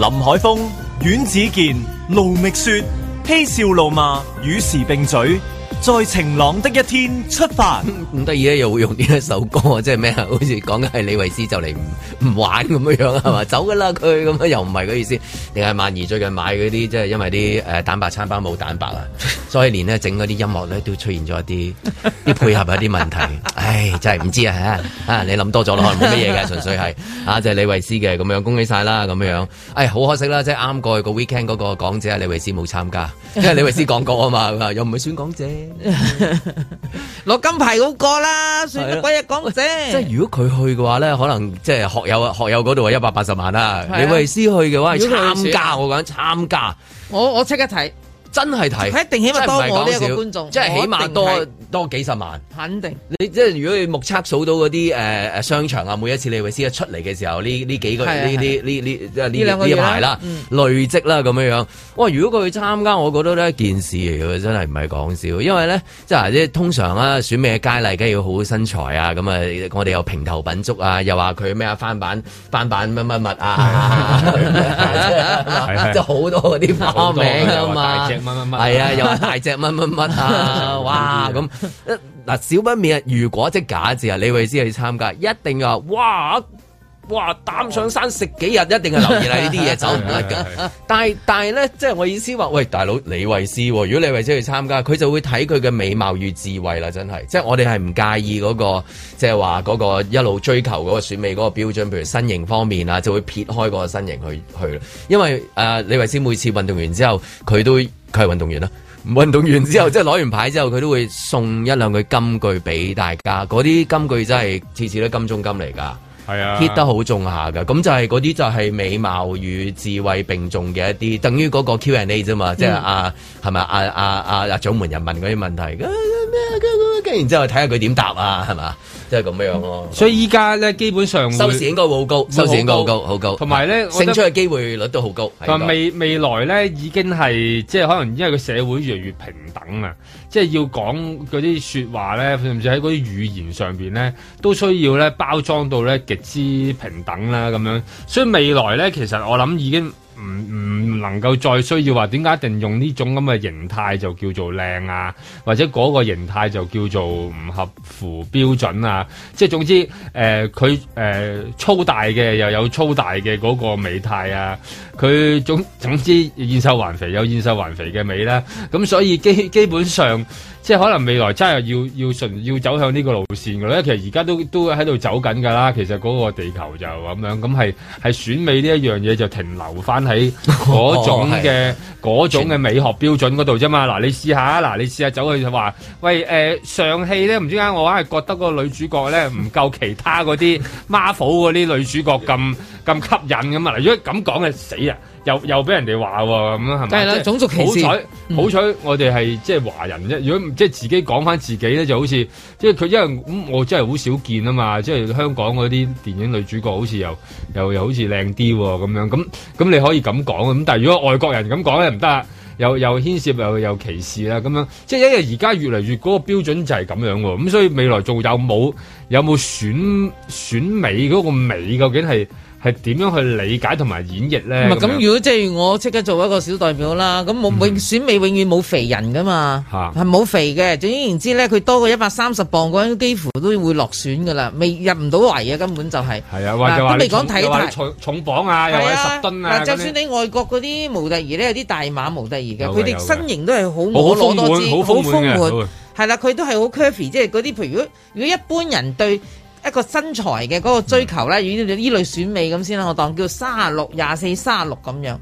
林海峰、阮子健、盧覓雪、嬉笑怒罵，與時並嘴，在晴朗的一天出發。唔得意咧，又會用呢一首歌，即係咩啊？好似講緊係李維斯就嚟唔唔玩咁樣樣，係嘛？ 走噶啦佢咁啊，又唔係個意思。定係萬儀最近買嗰啲，即係因為啲誒蛋白餐包冇蛋白啊。 再連咧整嗰啲音樂咧，都出現咗一啲啲配合一啲問題。唉，真係唔知啊，嚇啊，你諗多咗咯，可能冇乜嘢嘅，純粹係啊，就李慧詩嘅咁樣恭喜晒啦咁樣。唉，好可惜啦，即係啱過去個 weekend 嗰個港姐李慧詩冇參加，因為李慧詩講過啊嘛，又唔係選港姐，攞金牌嗰個啦，選個鬼嘢港姐。即係如果佢去嘅話咧，可能即係學友學友嗰度一百八十萬啦。李慧詩去嘅話係參加，我講參加，我我即刻睇。真係睇，一定起碼多我呢個觀眾，即係起碼多多幾十萬。肯定你即係如果你目測數到嗰啲誒商場啊，每一次李慧詩一出嚟嘅時候，呢呢幾個呢呢呢呢呢啲牌啦，累積啦咁樣樣。哇！如果佢去參加，我覺得一件事嚟嘅，真係唔係講笑。因為咧，即係通常啊，選美佳麗梗係要好身材啊，咁啊，我哋有平頭品足啊，又話佢咩啊翻版翻版乜乜乜啊，即係好多嗰啲花名啊嘛。乜乜乜？係啊，又、啊、大隻乜乜乜啊！哇，咁嗱，小不免啊，如果即假字啊，李慧詩去參加，一定要話哇！哇！膽上山食幾日，一定係留意啦！呢啲嘢走唔甩噶。但係但係咧，即係我意思話，喂，大佬李慧思，如果李慧思去參加，佢就會睇佢嘅美貌與智慧啦，真係。即係我哋係唔介意嗰個，即係話嗰個一路追求嗰個選美嗰個標準，譬如身形方面啊，就會撇開嗰個身形去去。因為誒，李慧思每次運動完之後，佢都佢係運動員啦。運動完之後，即係攞完牌之後，佢都會送一兩句金句俾大家。嗰啲金句真係次次都金中金嚟噶。係啊，hit 得好重下噶，咁就係嗰啲就係美貌與智慧並重嘅一啲，等於嗰個 Q&A 啫嘛，即係阿係咪阿阿阿掌門人問嗰啲問題，咁咩咁咁，然之後睇下佢點答啊，係嘛，啊？即係咁咩樣咯，啊，所以依家咧基本上收視應該會好高，收視應該好高，好高。同埋咧，勝出嘅機會率都好高。但未未來咧，已經係即係可能因為個社會越嚟越平等啊，即係要講嗰啲説話咧，甚至喺嗰啲語言上邊咧，都需要咧包裝到咧極之平等啦咁樣。所以未來咧，其實我諗已經。唔唔能夠再需要話、啊，點解一定用呢種咁嘅形態就叫做靚啊？或者嗰個形態就叫做唔合乎標準啊？即係總之，誒、呃，佢誒、呃、粗大嘅又有粗大嘅嗰個美態啊。佢總總之燕瘦環肥有燕瘦環肥嘅美啦，咁所以基基本上即係可能未來真係要要純要走向呢個路線㗎啦。其實而家都都喺度走緊㗎啦。其實嗰個地球就咁樣咁係係選美呢一樣嘢就停留翻喺嗰種嘅嗰種嘅美學標準嗰度啫嘛。嗱，你試下嗱，你試下走去就話喂誒、呃、上戲咧，唔知點解我硬係覺得個女主角咧唔夠其他嗰啲 Marvel 嗰啲女主角咁咁 吸引咁啊。如果咁講嘅死又又俾人哋話咁樣係咪？係啦即係，種族歧視。好彩，嗯、好彩我哋係即係華人啫。如果即係自己講翻自己咧，就好似即係佢，因為咁我真係好少見啊嘛。即係香港嗰啲電影女主角好，好似又又又好似靚啲咁樣。咁咁你可以咁講咁，但係如果外國人咁講咧，唔得，又又牽涉又又歧視啦。咁樣即係因為而家越嚟越嗰、嗰個標準就係咁樣喎。咁所以未來仲有冇有冇選選美嗰、嗰個美究竟係？係點樣去理解同埋演繹咧？唔係咁，如果即係我即刻做一個小代表啦，咁冇永選美，永遠冇肥人㗎嘛，係冇肥嘅。總言之咧，佢多過一百三十磅嗰種，幾乎都會落選㗎啦，未入唔到圍啊，根本就係。係啊，或者話都未講體重磅啊，又係十噸啊。嗱，就算你外國嗰啲模特兒咧，有啲大碼模特兒嘅，佢哋身形都係好攞多姿，好豐滿，係啦，佢都係好 curvy，即係嗰啲。譬如，如果如果一般人對一個身材嘅嗰個追求咧，依啲依類選美咁先啦，我當叫三十六、廿四、三十六咁樣。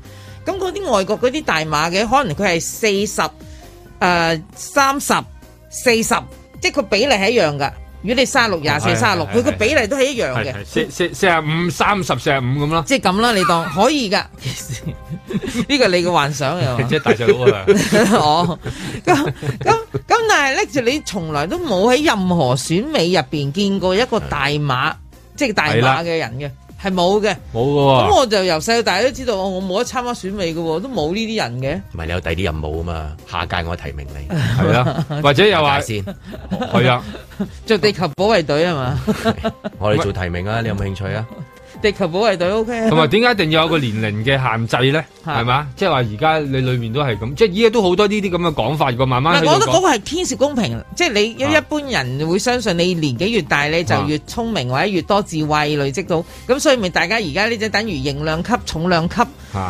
咁嗰啲外國嗰啲大碼嘅，可能佢係四十、誒三十四十，即係個比例係一樣㗎。如果你三十六廿四三十六，佢個比例都係一樣嘅，四十五三十四十五咁咯，即係咁啦，你當可以噶，呢個你個幻想又，即係大隻佬啦，哦，咁咁咁，但係搦住你從來都冇喺任何選美入邊見過一個大碼，即係是的 大碼嘅人嘅。係冇嘅，冇喎。咁、啊、我就由細到大都知道，我冇得參加選美嘅，都冇呢啲人嘅。唔係你有第啲任務啊嘛？下屆我提名你，係啦， 或者又話，係 啊，做地球保衛隊啊嘛？ 吧 我哋做提名啊，你有冇興趣啊？地球保衛隊 OK，同埋點解一定要有個年齡嘅限制咧？係嘛 是的？即係話而家你裏面都係咁，即係依家都好多呢啲咁嘅講法個。慢慢，嗱，覺得嗰個係天使公平，即係、啊、你一一般人會相信你年紀越大你就越聰明、啊、或者越多智慧累積到，咁所以咪大家而家呢只等於營量級、重量級，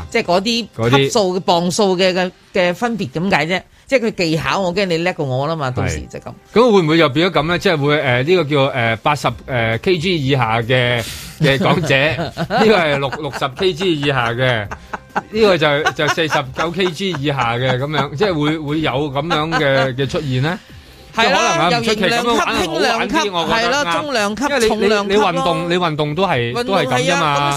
即係嗰啲級數磅數嘅嘅。嘅分別咁解啫，即係佢技巧，我驚你叻過我啦嘛，到時就咁。咁會唔會又變咗咁咧？即係會呢、呃呢個叫誒八十、呃 kg 以下嘅嘅講者，呢 個係六六十 kg 以下嘅，呢 個就就四十九 kg 以下嘅咁樣，即係會會有咁樣嘅嘅出現咧？係啦，重量級，輕重量級，我覺得啊，因為你你你運動你運動都係都係咁噶嘛，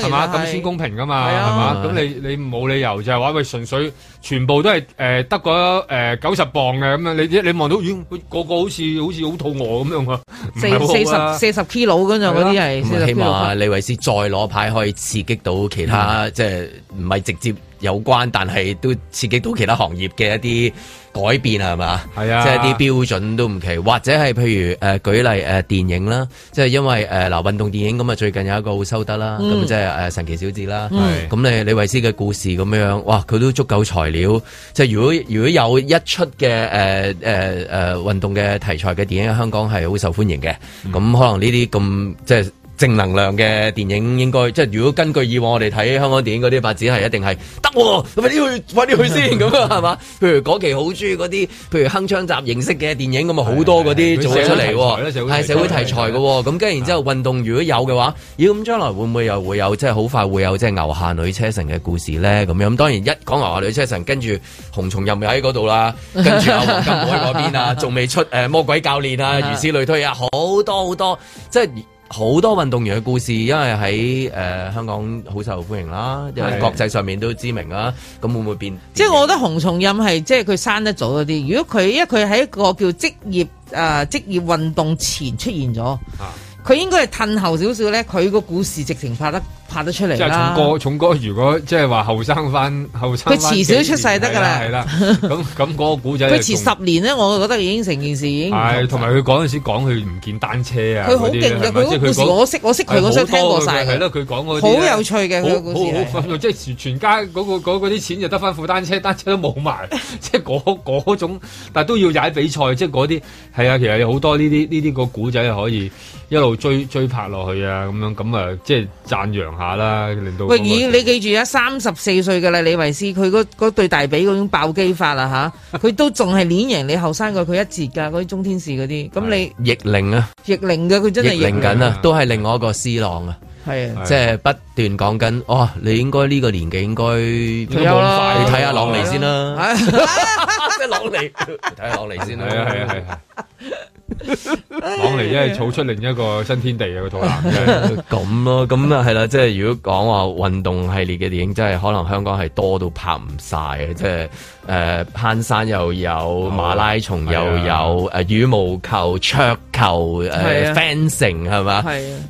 係嘛咁先公平噶嘛，係嘛咁你你冇理由就話喂純粹全部都係誒得個誒九十磅嘅咁樣，你你望到，咦個個好似好似好肚餓咁樣啊？四十四十 kilo 嗰啲係，希望李維斯再攞牌可以刺激到其他，即係唔係直接有關，但係都刺激到其他行業嘅一啲。改變啊，係嘛？係啊，即係啲標準都唔奇，或者係譬如誒、呃、舉例誒、呃、電影啦，即係因為誒嗱、呃、運動電影咁啊，最近有一個好收得啦，咁即係誒神奇小子啦，咁、嗯、你李維斯嘅故事咁樣，哇佢都足夠材料，即係如果如果有一出嘅誒誒誒運動嘅題材嘅電影，喺香港係好受歡迎嘅，咁、嗯、可能呢啲咁即係。正能量嘅電影應該即係如果根據以往我哋睇香港電影嗰啲發展係一定係得快啲去快啲去先，咁啊係嘛？譬如嗰期好中意嗰啲譬如鏗鏘集形式嘅電影咁啊，好多嗰啲做出嚟係是社會題材嘅，咁跟住然後之後運動如果有嘅話，咦咁將來會唔會又會有即係好快會有即係牛下女車神嘅故事咧？咁樣咁當然一講牛下女車神，跟住紅蟲又未喺嗰度啦，跟住黃金寶嗰邊啊，仲未 出誒、呃、魔鬼教練啊，如此類推啊，好多好多即係。好多運動員嘅故事，因為喺誒、呃、香港好受歡迎啦，因為喺國際上面都知名啦，咁的會唔會變？即係我覺得洪松蔭係即係佢生得早一啲，如果佢因為佢喺一個叫職業啊、呃、職業運動前出現咗，佢、啊、應該係褪後少少咧，佢個故事直情拍得，拍得出嚟即係重哥，重哥如果即係話後生翻，後生佢遲少出世得噶啦，係啦。咁咁嗰個古仔，佢遲十年咧，我覺得已經成件事已經。係同埋佢講嗰時講佢唔見單車啊，佢好勁嘅。佢嗰陣時我識我識佢，我都聽過曬。係咯，佢講嗰啲好有趣嘅。好好發夢，即係全家嗰個嗰啲錢就得翻副單車，單車都冇埋。即係嗰種，但係都要踩比賽。即係嗰啲係啊，其實有好多呢啲呢啲個古仔可以一路追追拍落去啊，咁樣咁啊，即係讚揚下。啦，令到喂，以你記住啊，三十四歲嘅啦，李維斯佢嗰嗰對大髀嗰種爆擊法啦吓，佢都仲係碾贏你後生過佢一截噶，嗰啲中天使嗰啲，咁你逆齡啊？逆齡嘅，佢真係逆緊啊，都係另外一個 C 朗啊，係啊，即係不斷講緊，哇，你應該呢個年紀應該有啊，你睇下朗尼先啦，即係朗尼，睇下朗尼先啦，係啊，係啊，係啊。講嚟，真係儲出另一個新天地啊！嗰套男嘅咁咯，咁啊係啦，即係如果講話運動系列嘅電影，真係可能香港係多到拍唔晒啊！即係。誒，攀山又有馬拉松，又有誒羽毛球、桌球、誒 fencing 係嘛？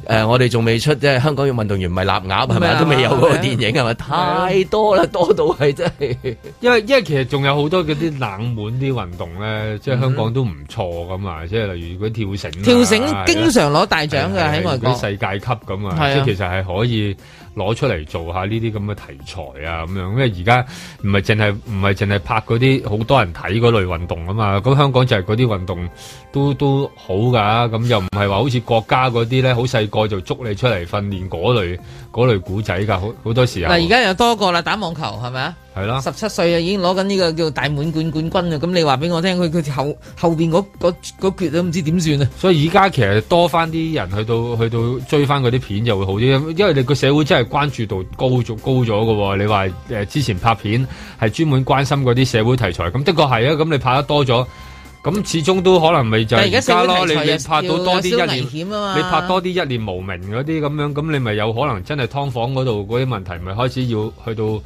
誒，我哋仲未出，即係香港嘅運動員唔係臘鴨係咪？都未有嗰個電影係咪？太多啦，多到係真係，因為因為其實仲有好多嗰啲冷門啲運動咧，即係香港都唔錯咁啊。即係例如佢跳繩，跳繩經常攞大獎㗎，喺外國嗰啲世界級咁啊！即係其實係可以。攞出嚟做下呢啲咁嘅題材啊，咁樣，因為而家唔係淨係唔係淨係拍嗰啲好多人睇嗰類運動啊嘛，咁香港就係嗰啲運動都都好噶，啊，咁又唔係話好似國家嗰啲咧，好細個就捉你出嚟訓練嗰類嗰類古仔噶，好好多時候。嗱，而家又多個啦，打網球係咪啊？係啦，十七歲啊歲，已經攞緊呢個叫大滿貫冠軍啊！咁你話俾我聽，佢佢後後邊嗰嗰嗰橛都唔知點算啊！所以而家其實多翻啲人去到去到追翻嗰啲片就會好啲，因為你個社會真係關注度高咗高咗噶，哦。你話誒之前拍片係專門關心嗰啲社會題材，咁的確係啊。咁你拍得多咗，咁始終都可能咪就係咯。你，你拍到多啲一,一年險啊嘛！你拍多啲一,一年無名嗰啲咁樣，咁你咪有可能真係劏房嗰度嗰啲問題咪開始要去到。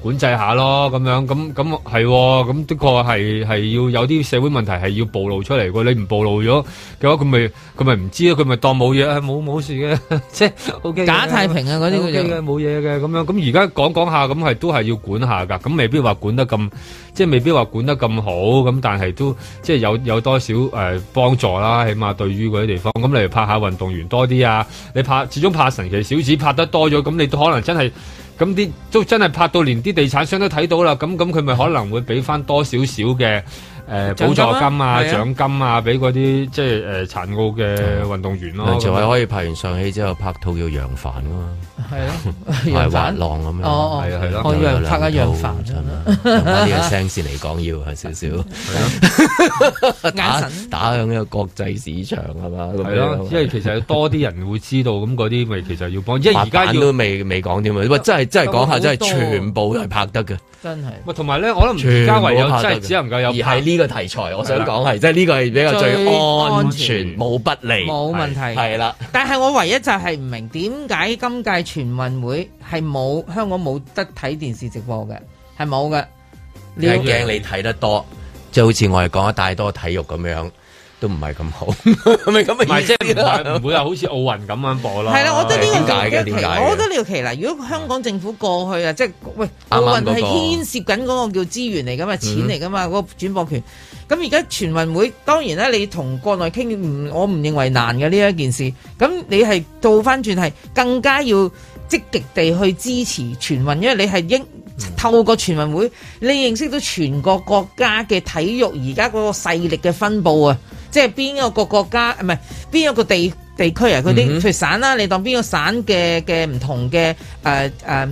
管制下咯，咁樣咁咁係，咁的確係係要有啲社會問題係要暴露出嚟嘅，你唔暴露咗嘅話，佢咪佢咪唔知咯，佢咪當冇嘢，係冇冇事嘅，即係 OK 假太平啊嗰啲就 OK 嘅冇嘢嘅咁樣，咁而家講講下咁係都係要管下噶，咁未必話管得咁，即係未必話管得咁好，咁但係都即係有有多少誒幫助啦，起碼對於嗰啲地方，咁例如拍下運動員多啲啊，你拍始終拍神奇小子拍得多咗，咁你都可能真係。咁啲都真係拍到，連啲地產商都睇到啦。咁咁佢咪可能會俾翻多少少嘅？誒，補助金啊，獎金啊，俾嗰啲即係誒殘奧嘅運動員咯。梁朝偉可以拍完上戲之後拍套叫《揚帆》啊嘛？係咯，係滑浪咁樣，係啊係啦，拍《阿揚帆》啦。用呢個聲線嚟講要係少少，打打響呢個國際市場係嘛？係咯，因為其實多啲人會知道，咁嗰啲咪其實要幫。即係而家都未未講啲咪？喂，真係真係講下，真係全部係拍得嘅。真係，喂，同埋咧，我諗加唯有真係只能夠有拍呢個題材，我想講係，是的即係呢個係比較最安全冇不利，冇問題係啦。但係我唯一就係唔明點解今屆全運會係冇香港冇得睇電視直播嘅，係冇嘅。驚你睇得多，即係好似我哋講得多體育咁樣。都唔係咁好， 唔咪咁嘅唔係即係唔會 啊，好似奧運咁樣播咯。係啦，我覺得呢個解，我覺得呢個奇難。如果香港政府過去啊，即係喂奧運係牽涉緊嗰個叫資源嚟噶嘛，錢嚟噶嘛，嗰個轉播權。咁而家全運會當然咧，你同國內傾唔，我唔認為難嘅呢一件事。咁你係倒翻轉係更加要積極地去支持全運，因為你係應透過全運會，你認識到全國國家嘅體育而家嗰個勢力嘅分布啊。即係邊一個國家？唔係邊一個地地區啊？佢啲譬如省啦、啊，你當邊個省嘅嘅唔同嘅誒誒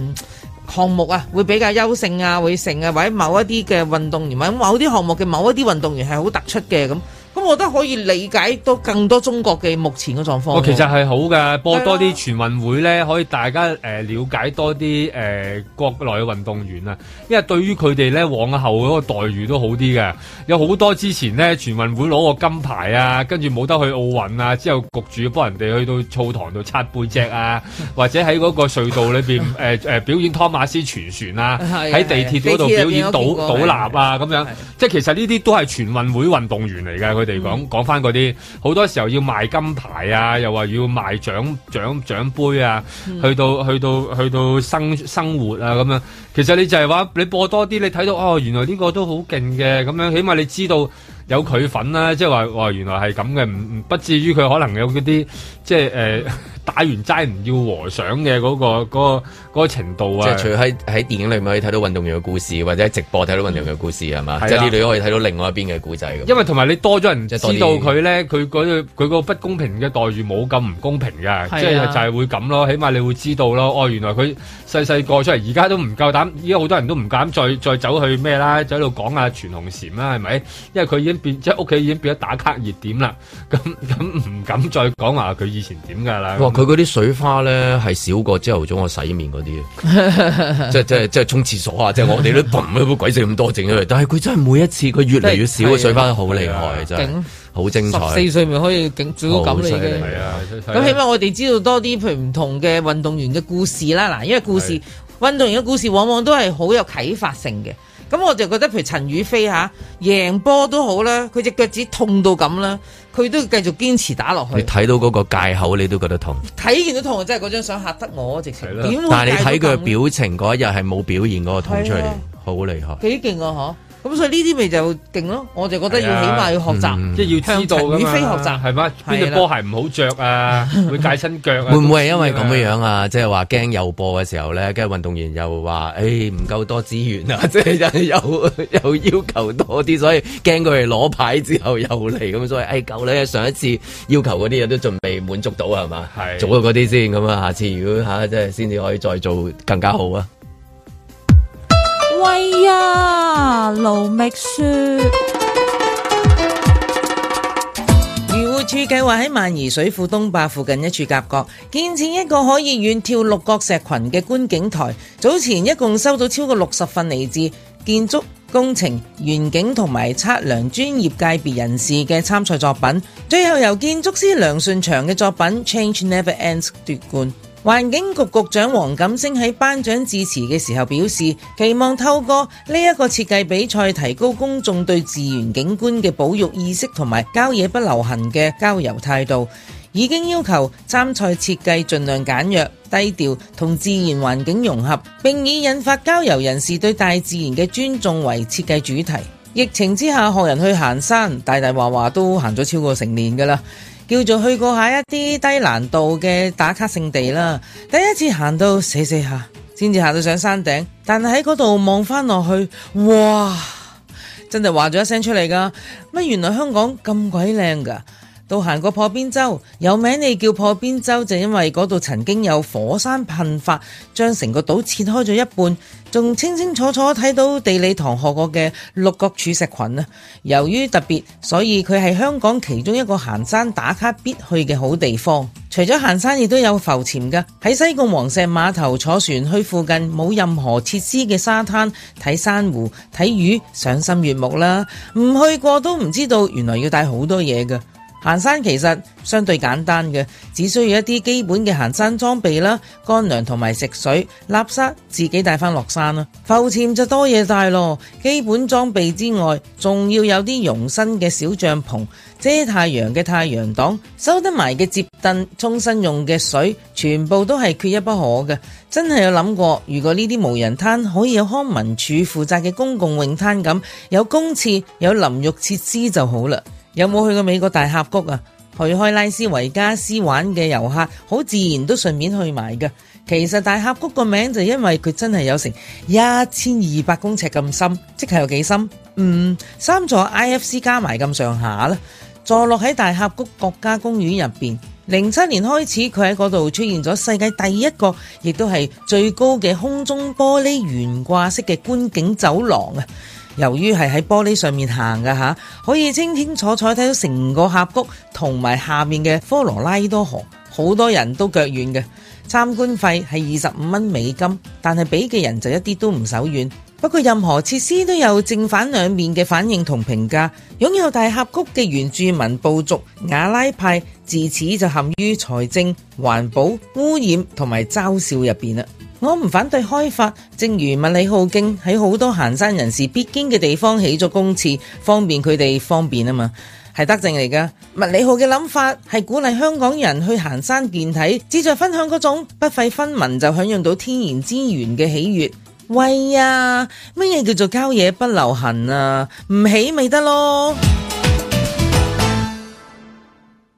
項目啊，會比較優勝啊，會成啊，或者某一啲嘅運動員，或者某啲項目嘅某一啲運動員係好突出嘅咁。咁我都可以理解到更多中國嘅目前嘅狀況。我其實係好嘅，播多啲全運會咧，可以大家誒瞭解多啲誒、呃、國內嘅運動員啊。因為對於佢哋咧，往後嗰個待遇都好啲嘅。有好多之前咧全運會攞個金牌啊，跟住冇得去奧運啊，之後焗住要幫人哋去到澡堂度擦背脊啊， 或者喺嗰個隧道裏邊誒誒表演托馬斯全旋啊，喺地鐵嗰度表演倒倒立啊咁樣。是是是是即係其實呢啲都係全運會運動員嚟嘅佢嚟講講翻嗰啲，好多時候要賣金牌啊，又話要賣獎獎獎杯啊，去到去到去到生生活啊咁樣。其實你就係話你播多啲，你睇到哦，原來呢個都好勁嘅咁樣，起碼你知道有佢份啦、啊，即係話哦，原來係咁嘅，唔唔不至於佢可能有嗰啲即係誒。呃打完齋唔要和尚嘅嗰個嗰、個嗰、個程度啊！即係除喺喺電影裏面可以睇到運動員嘅故事，或者直播睇到運動員嘅故事係嘛，嗯、吧即係呢度可以睇到另外一邊嘅故仔。嗯、因為同埋你多咗人知道佢咧，佢嗰佢個不公平嘅待遇冇咁唔公平㗎，即係是、啊、就係會咁咯。起碼你會知道咯。哦，原來佢細細個出嚟，而家都唔夠膽。而家好多人都唔敢再再走去咩啦？就喺度講下全紅嬋啦，係咪？因為佢已經變即係屋企已經變咗打卡熱點啦。咁咁唔敢再講話佢以前點噶啦。佢嗰啲水花咧，係少過朝頭早我洗面嗰啲，即係即係即係沖廁所啊！即係我哋都砰 鬼死咁多整出去，但係佢真係每一次佢越嚟越少嘅是水花厲害，好厲害真係的，好、啊、精彩。十四歲咪可以警最高級嘅，咁、啊啊啊、起碼我哋知道多啲，譬如唔同嘅運動員嘅故事啦。嗱，因為故事運、啊、動員嘅故事往往都係好有啟發性嘅。咁我就覺得，譬如陳雨菲吓，贏波都好啦，佢隻腳趾痛到咁啦，佢都繼續堅持打落去。你睇到嗰個戒口，你都覺得痛。睇完都痛，真係嗰張相嚇得我直情。了但係你睇佢嘅表情嗰日係冇表現嗰個痛出嚟，好厲害，啊。幾勁啊！嗬。咁所以呢啲咪就勁咯，我就覺得要起碼要學習，啊嗯、即係要知道。除非學習係咪？邊對波鞋唔好着啊， 會戒親腳啊。會唔會係因為咁樣樣啊，即係話驚有波嘅時候咧，跟住運動員又話誒唔夠多資源啊，即係又又要求多啲，所以驚佢哋攞牌之後又嚟，咁所以誒夠咧。上一次要求嗰啲嘢都仲未滿足到係嘛，是做咗嗰啲先咁啊。下次如果吓即係先至可以再做更加好啊。喂呀，盧覓雪！漁護處計劃喺萬宜水庫東壩附近一處夾角，建設一個可以遠眺六角石群嘅觀景台。早前一共收到超過六十份嚟自建築、工程、園景同埋測量專業界別人士嘅參賽作品，最後由建築師梁順祥嘅作品《Change Never Ends》奪冠。環境局局長黃錦星喺頒獎致辭嘅時候表示，期望透過呢一個設計比賽，提高公眾對自然景觀嘅保育意識同埋郊野不流行嘅郊遊態度。已經要求參賽設計盡量簡約、低調同自然環境融合，並以引發郊遊人士對大自然嘅尊重為設計主題。疫情之下，學人去行山，大大話話都行咗超過成年㗎喇。叫做去過下一啲低難度嘅打卡勝地啦，第一次行到死死下，先至行到上山頂，但係喺嗰度望返落去，哇！真係話咗一聲出嚟噶，乜原來香港咁鬼靚噶！到行過破邊洲有名，你叫破邊洲，就因為嗰度曾經有火山噴發，將成個島切開咗一半，仲清清楚楚睇到地理堂學過嘅六角柱石群啊。由於特別，所以佢係香港其中一個行山打卡必去嘅好地方。除咗行山，亦都有浮潛㗎。喺西貢黃石碼頭坐船去附近冇任何設施嘅沙灘睇珊瑚睇魚，賞心悅目啦。唔去過都唔知道，原來要帶好多嘢㗎。行山其實相對簡單嘅，只需要一啲基本嘅行山裝備啦，乾糧同埋食水，垃圾自己帶翻落山啦。浮潛就多嘢帶咯，基本裝備之外，仲要有啲容身嘅小帳篷、遮太陽嘅太陽擋、收得埋嘅摺凳、沖身用嘅水，全部都係缺一不可嘅。真係有諗過，如果呢啲無人灘可以有康文署負責嘅公共泳灘咁，有公廁、有淋浴設施就好啦。有冇去過美國大峽谷啊？去開拉斯維加斯玩嘅遊客，好自然都順便去埋㗎。其實大峽谷個名就因為佢真係有成一千二百公尺咁深，即係有幾深？嗯，三座 IFC 加埋咁上下啦。坐落喺大峽谷國家公園入邊，零七年開始佢喺嗰度出現咗世界第一個，亦都係最高嘅空中玻璃懸掛式嘅觀景走廊啊！由於係喺玻璃上面行嘅吓，可以清清楚楚睇到成個峽谷同埋下面嘅科羅拉多河，好多人都腳軟嘅。參觀費係二十五蚊美金，但係俾嘅人就一啲都唔手軟。不過任何設施都有正反兩面嘅反應同評價。擁有大峽谷嘅原住民部族亞拉派自此就陷於財政、環保、污染同埋嘲笑入邊啦。我唔反對開發，正如麥理浩徑喺好多行山人士必經嘅地方起咗公廁，方便佢哋方便啊嘛，係德政嚟噶。麥理浩嘅諗法係鼓勵香港人去行山健體，旨在分享嗰種不費分文就享用到天然資源嘅喜悅。喂呀，乜嘢叫做郊野不留痕啊？唔起咪得咯。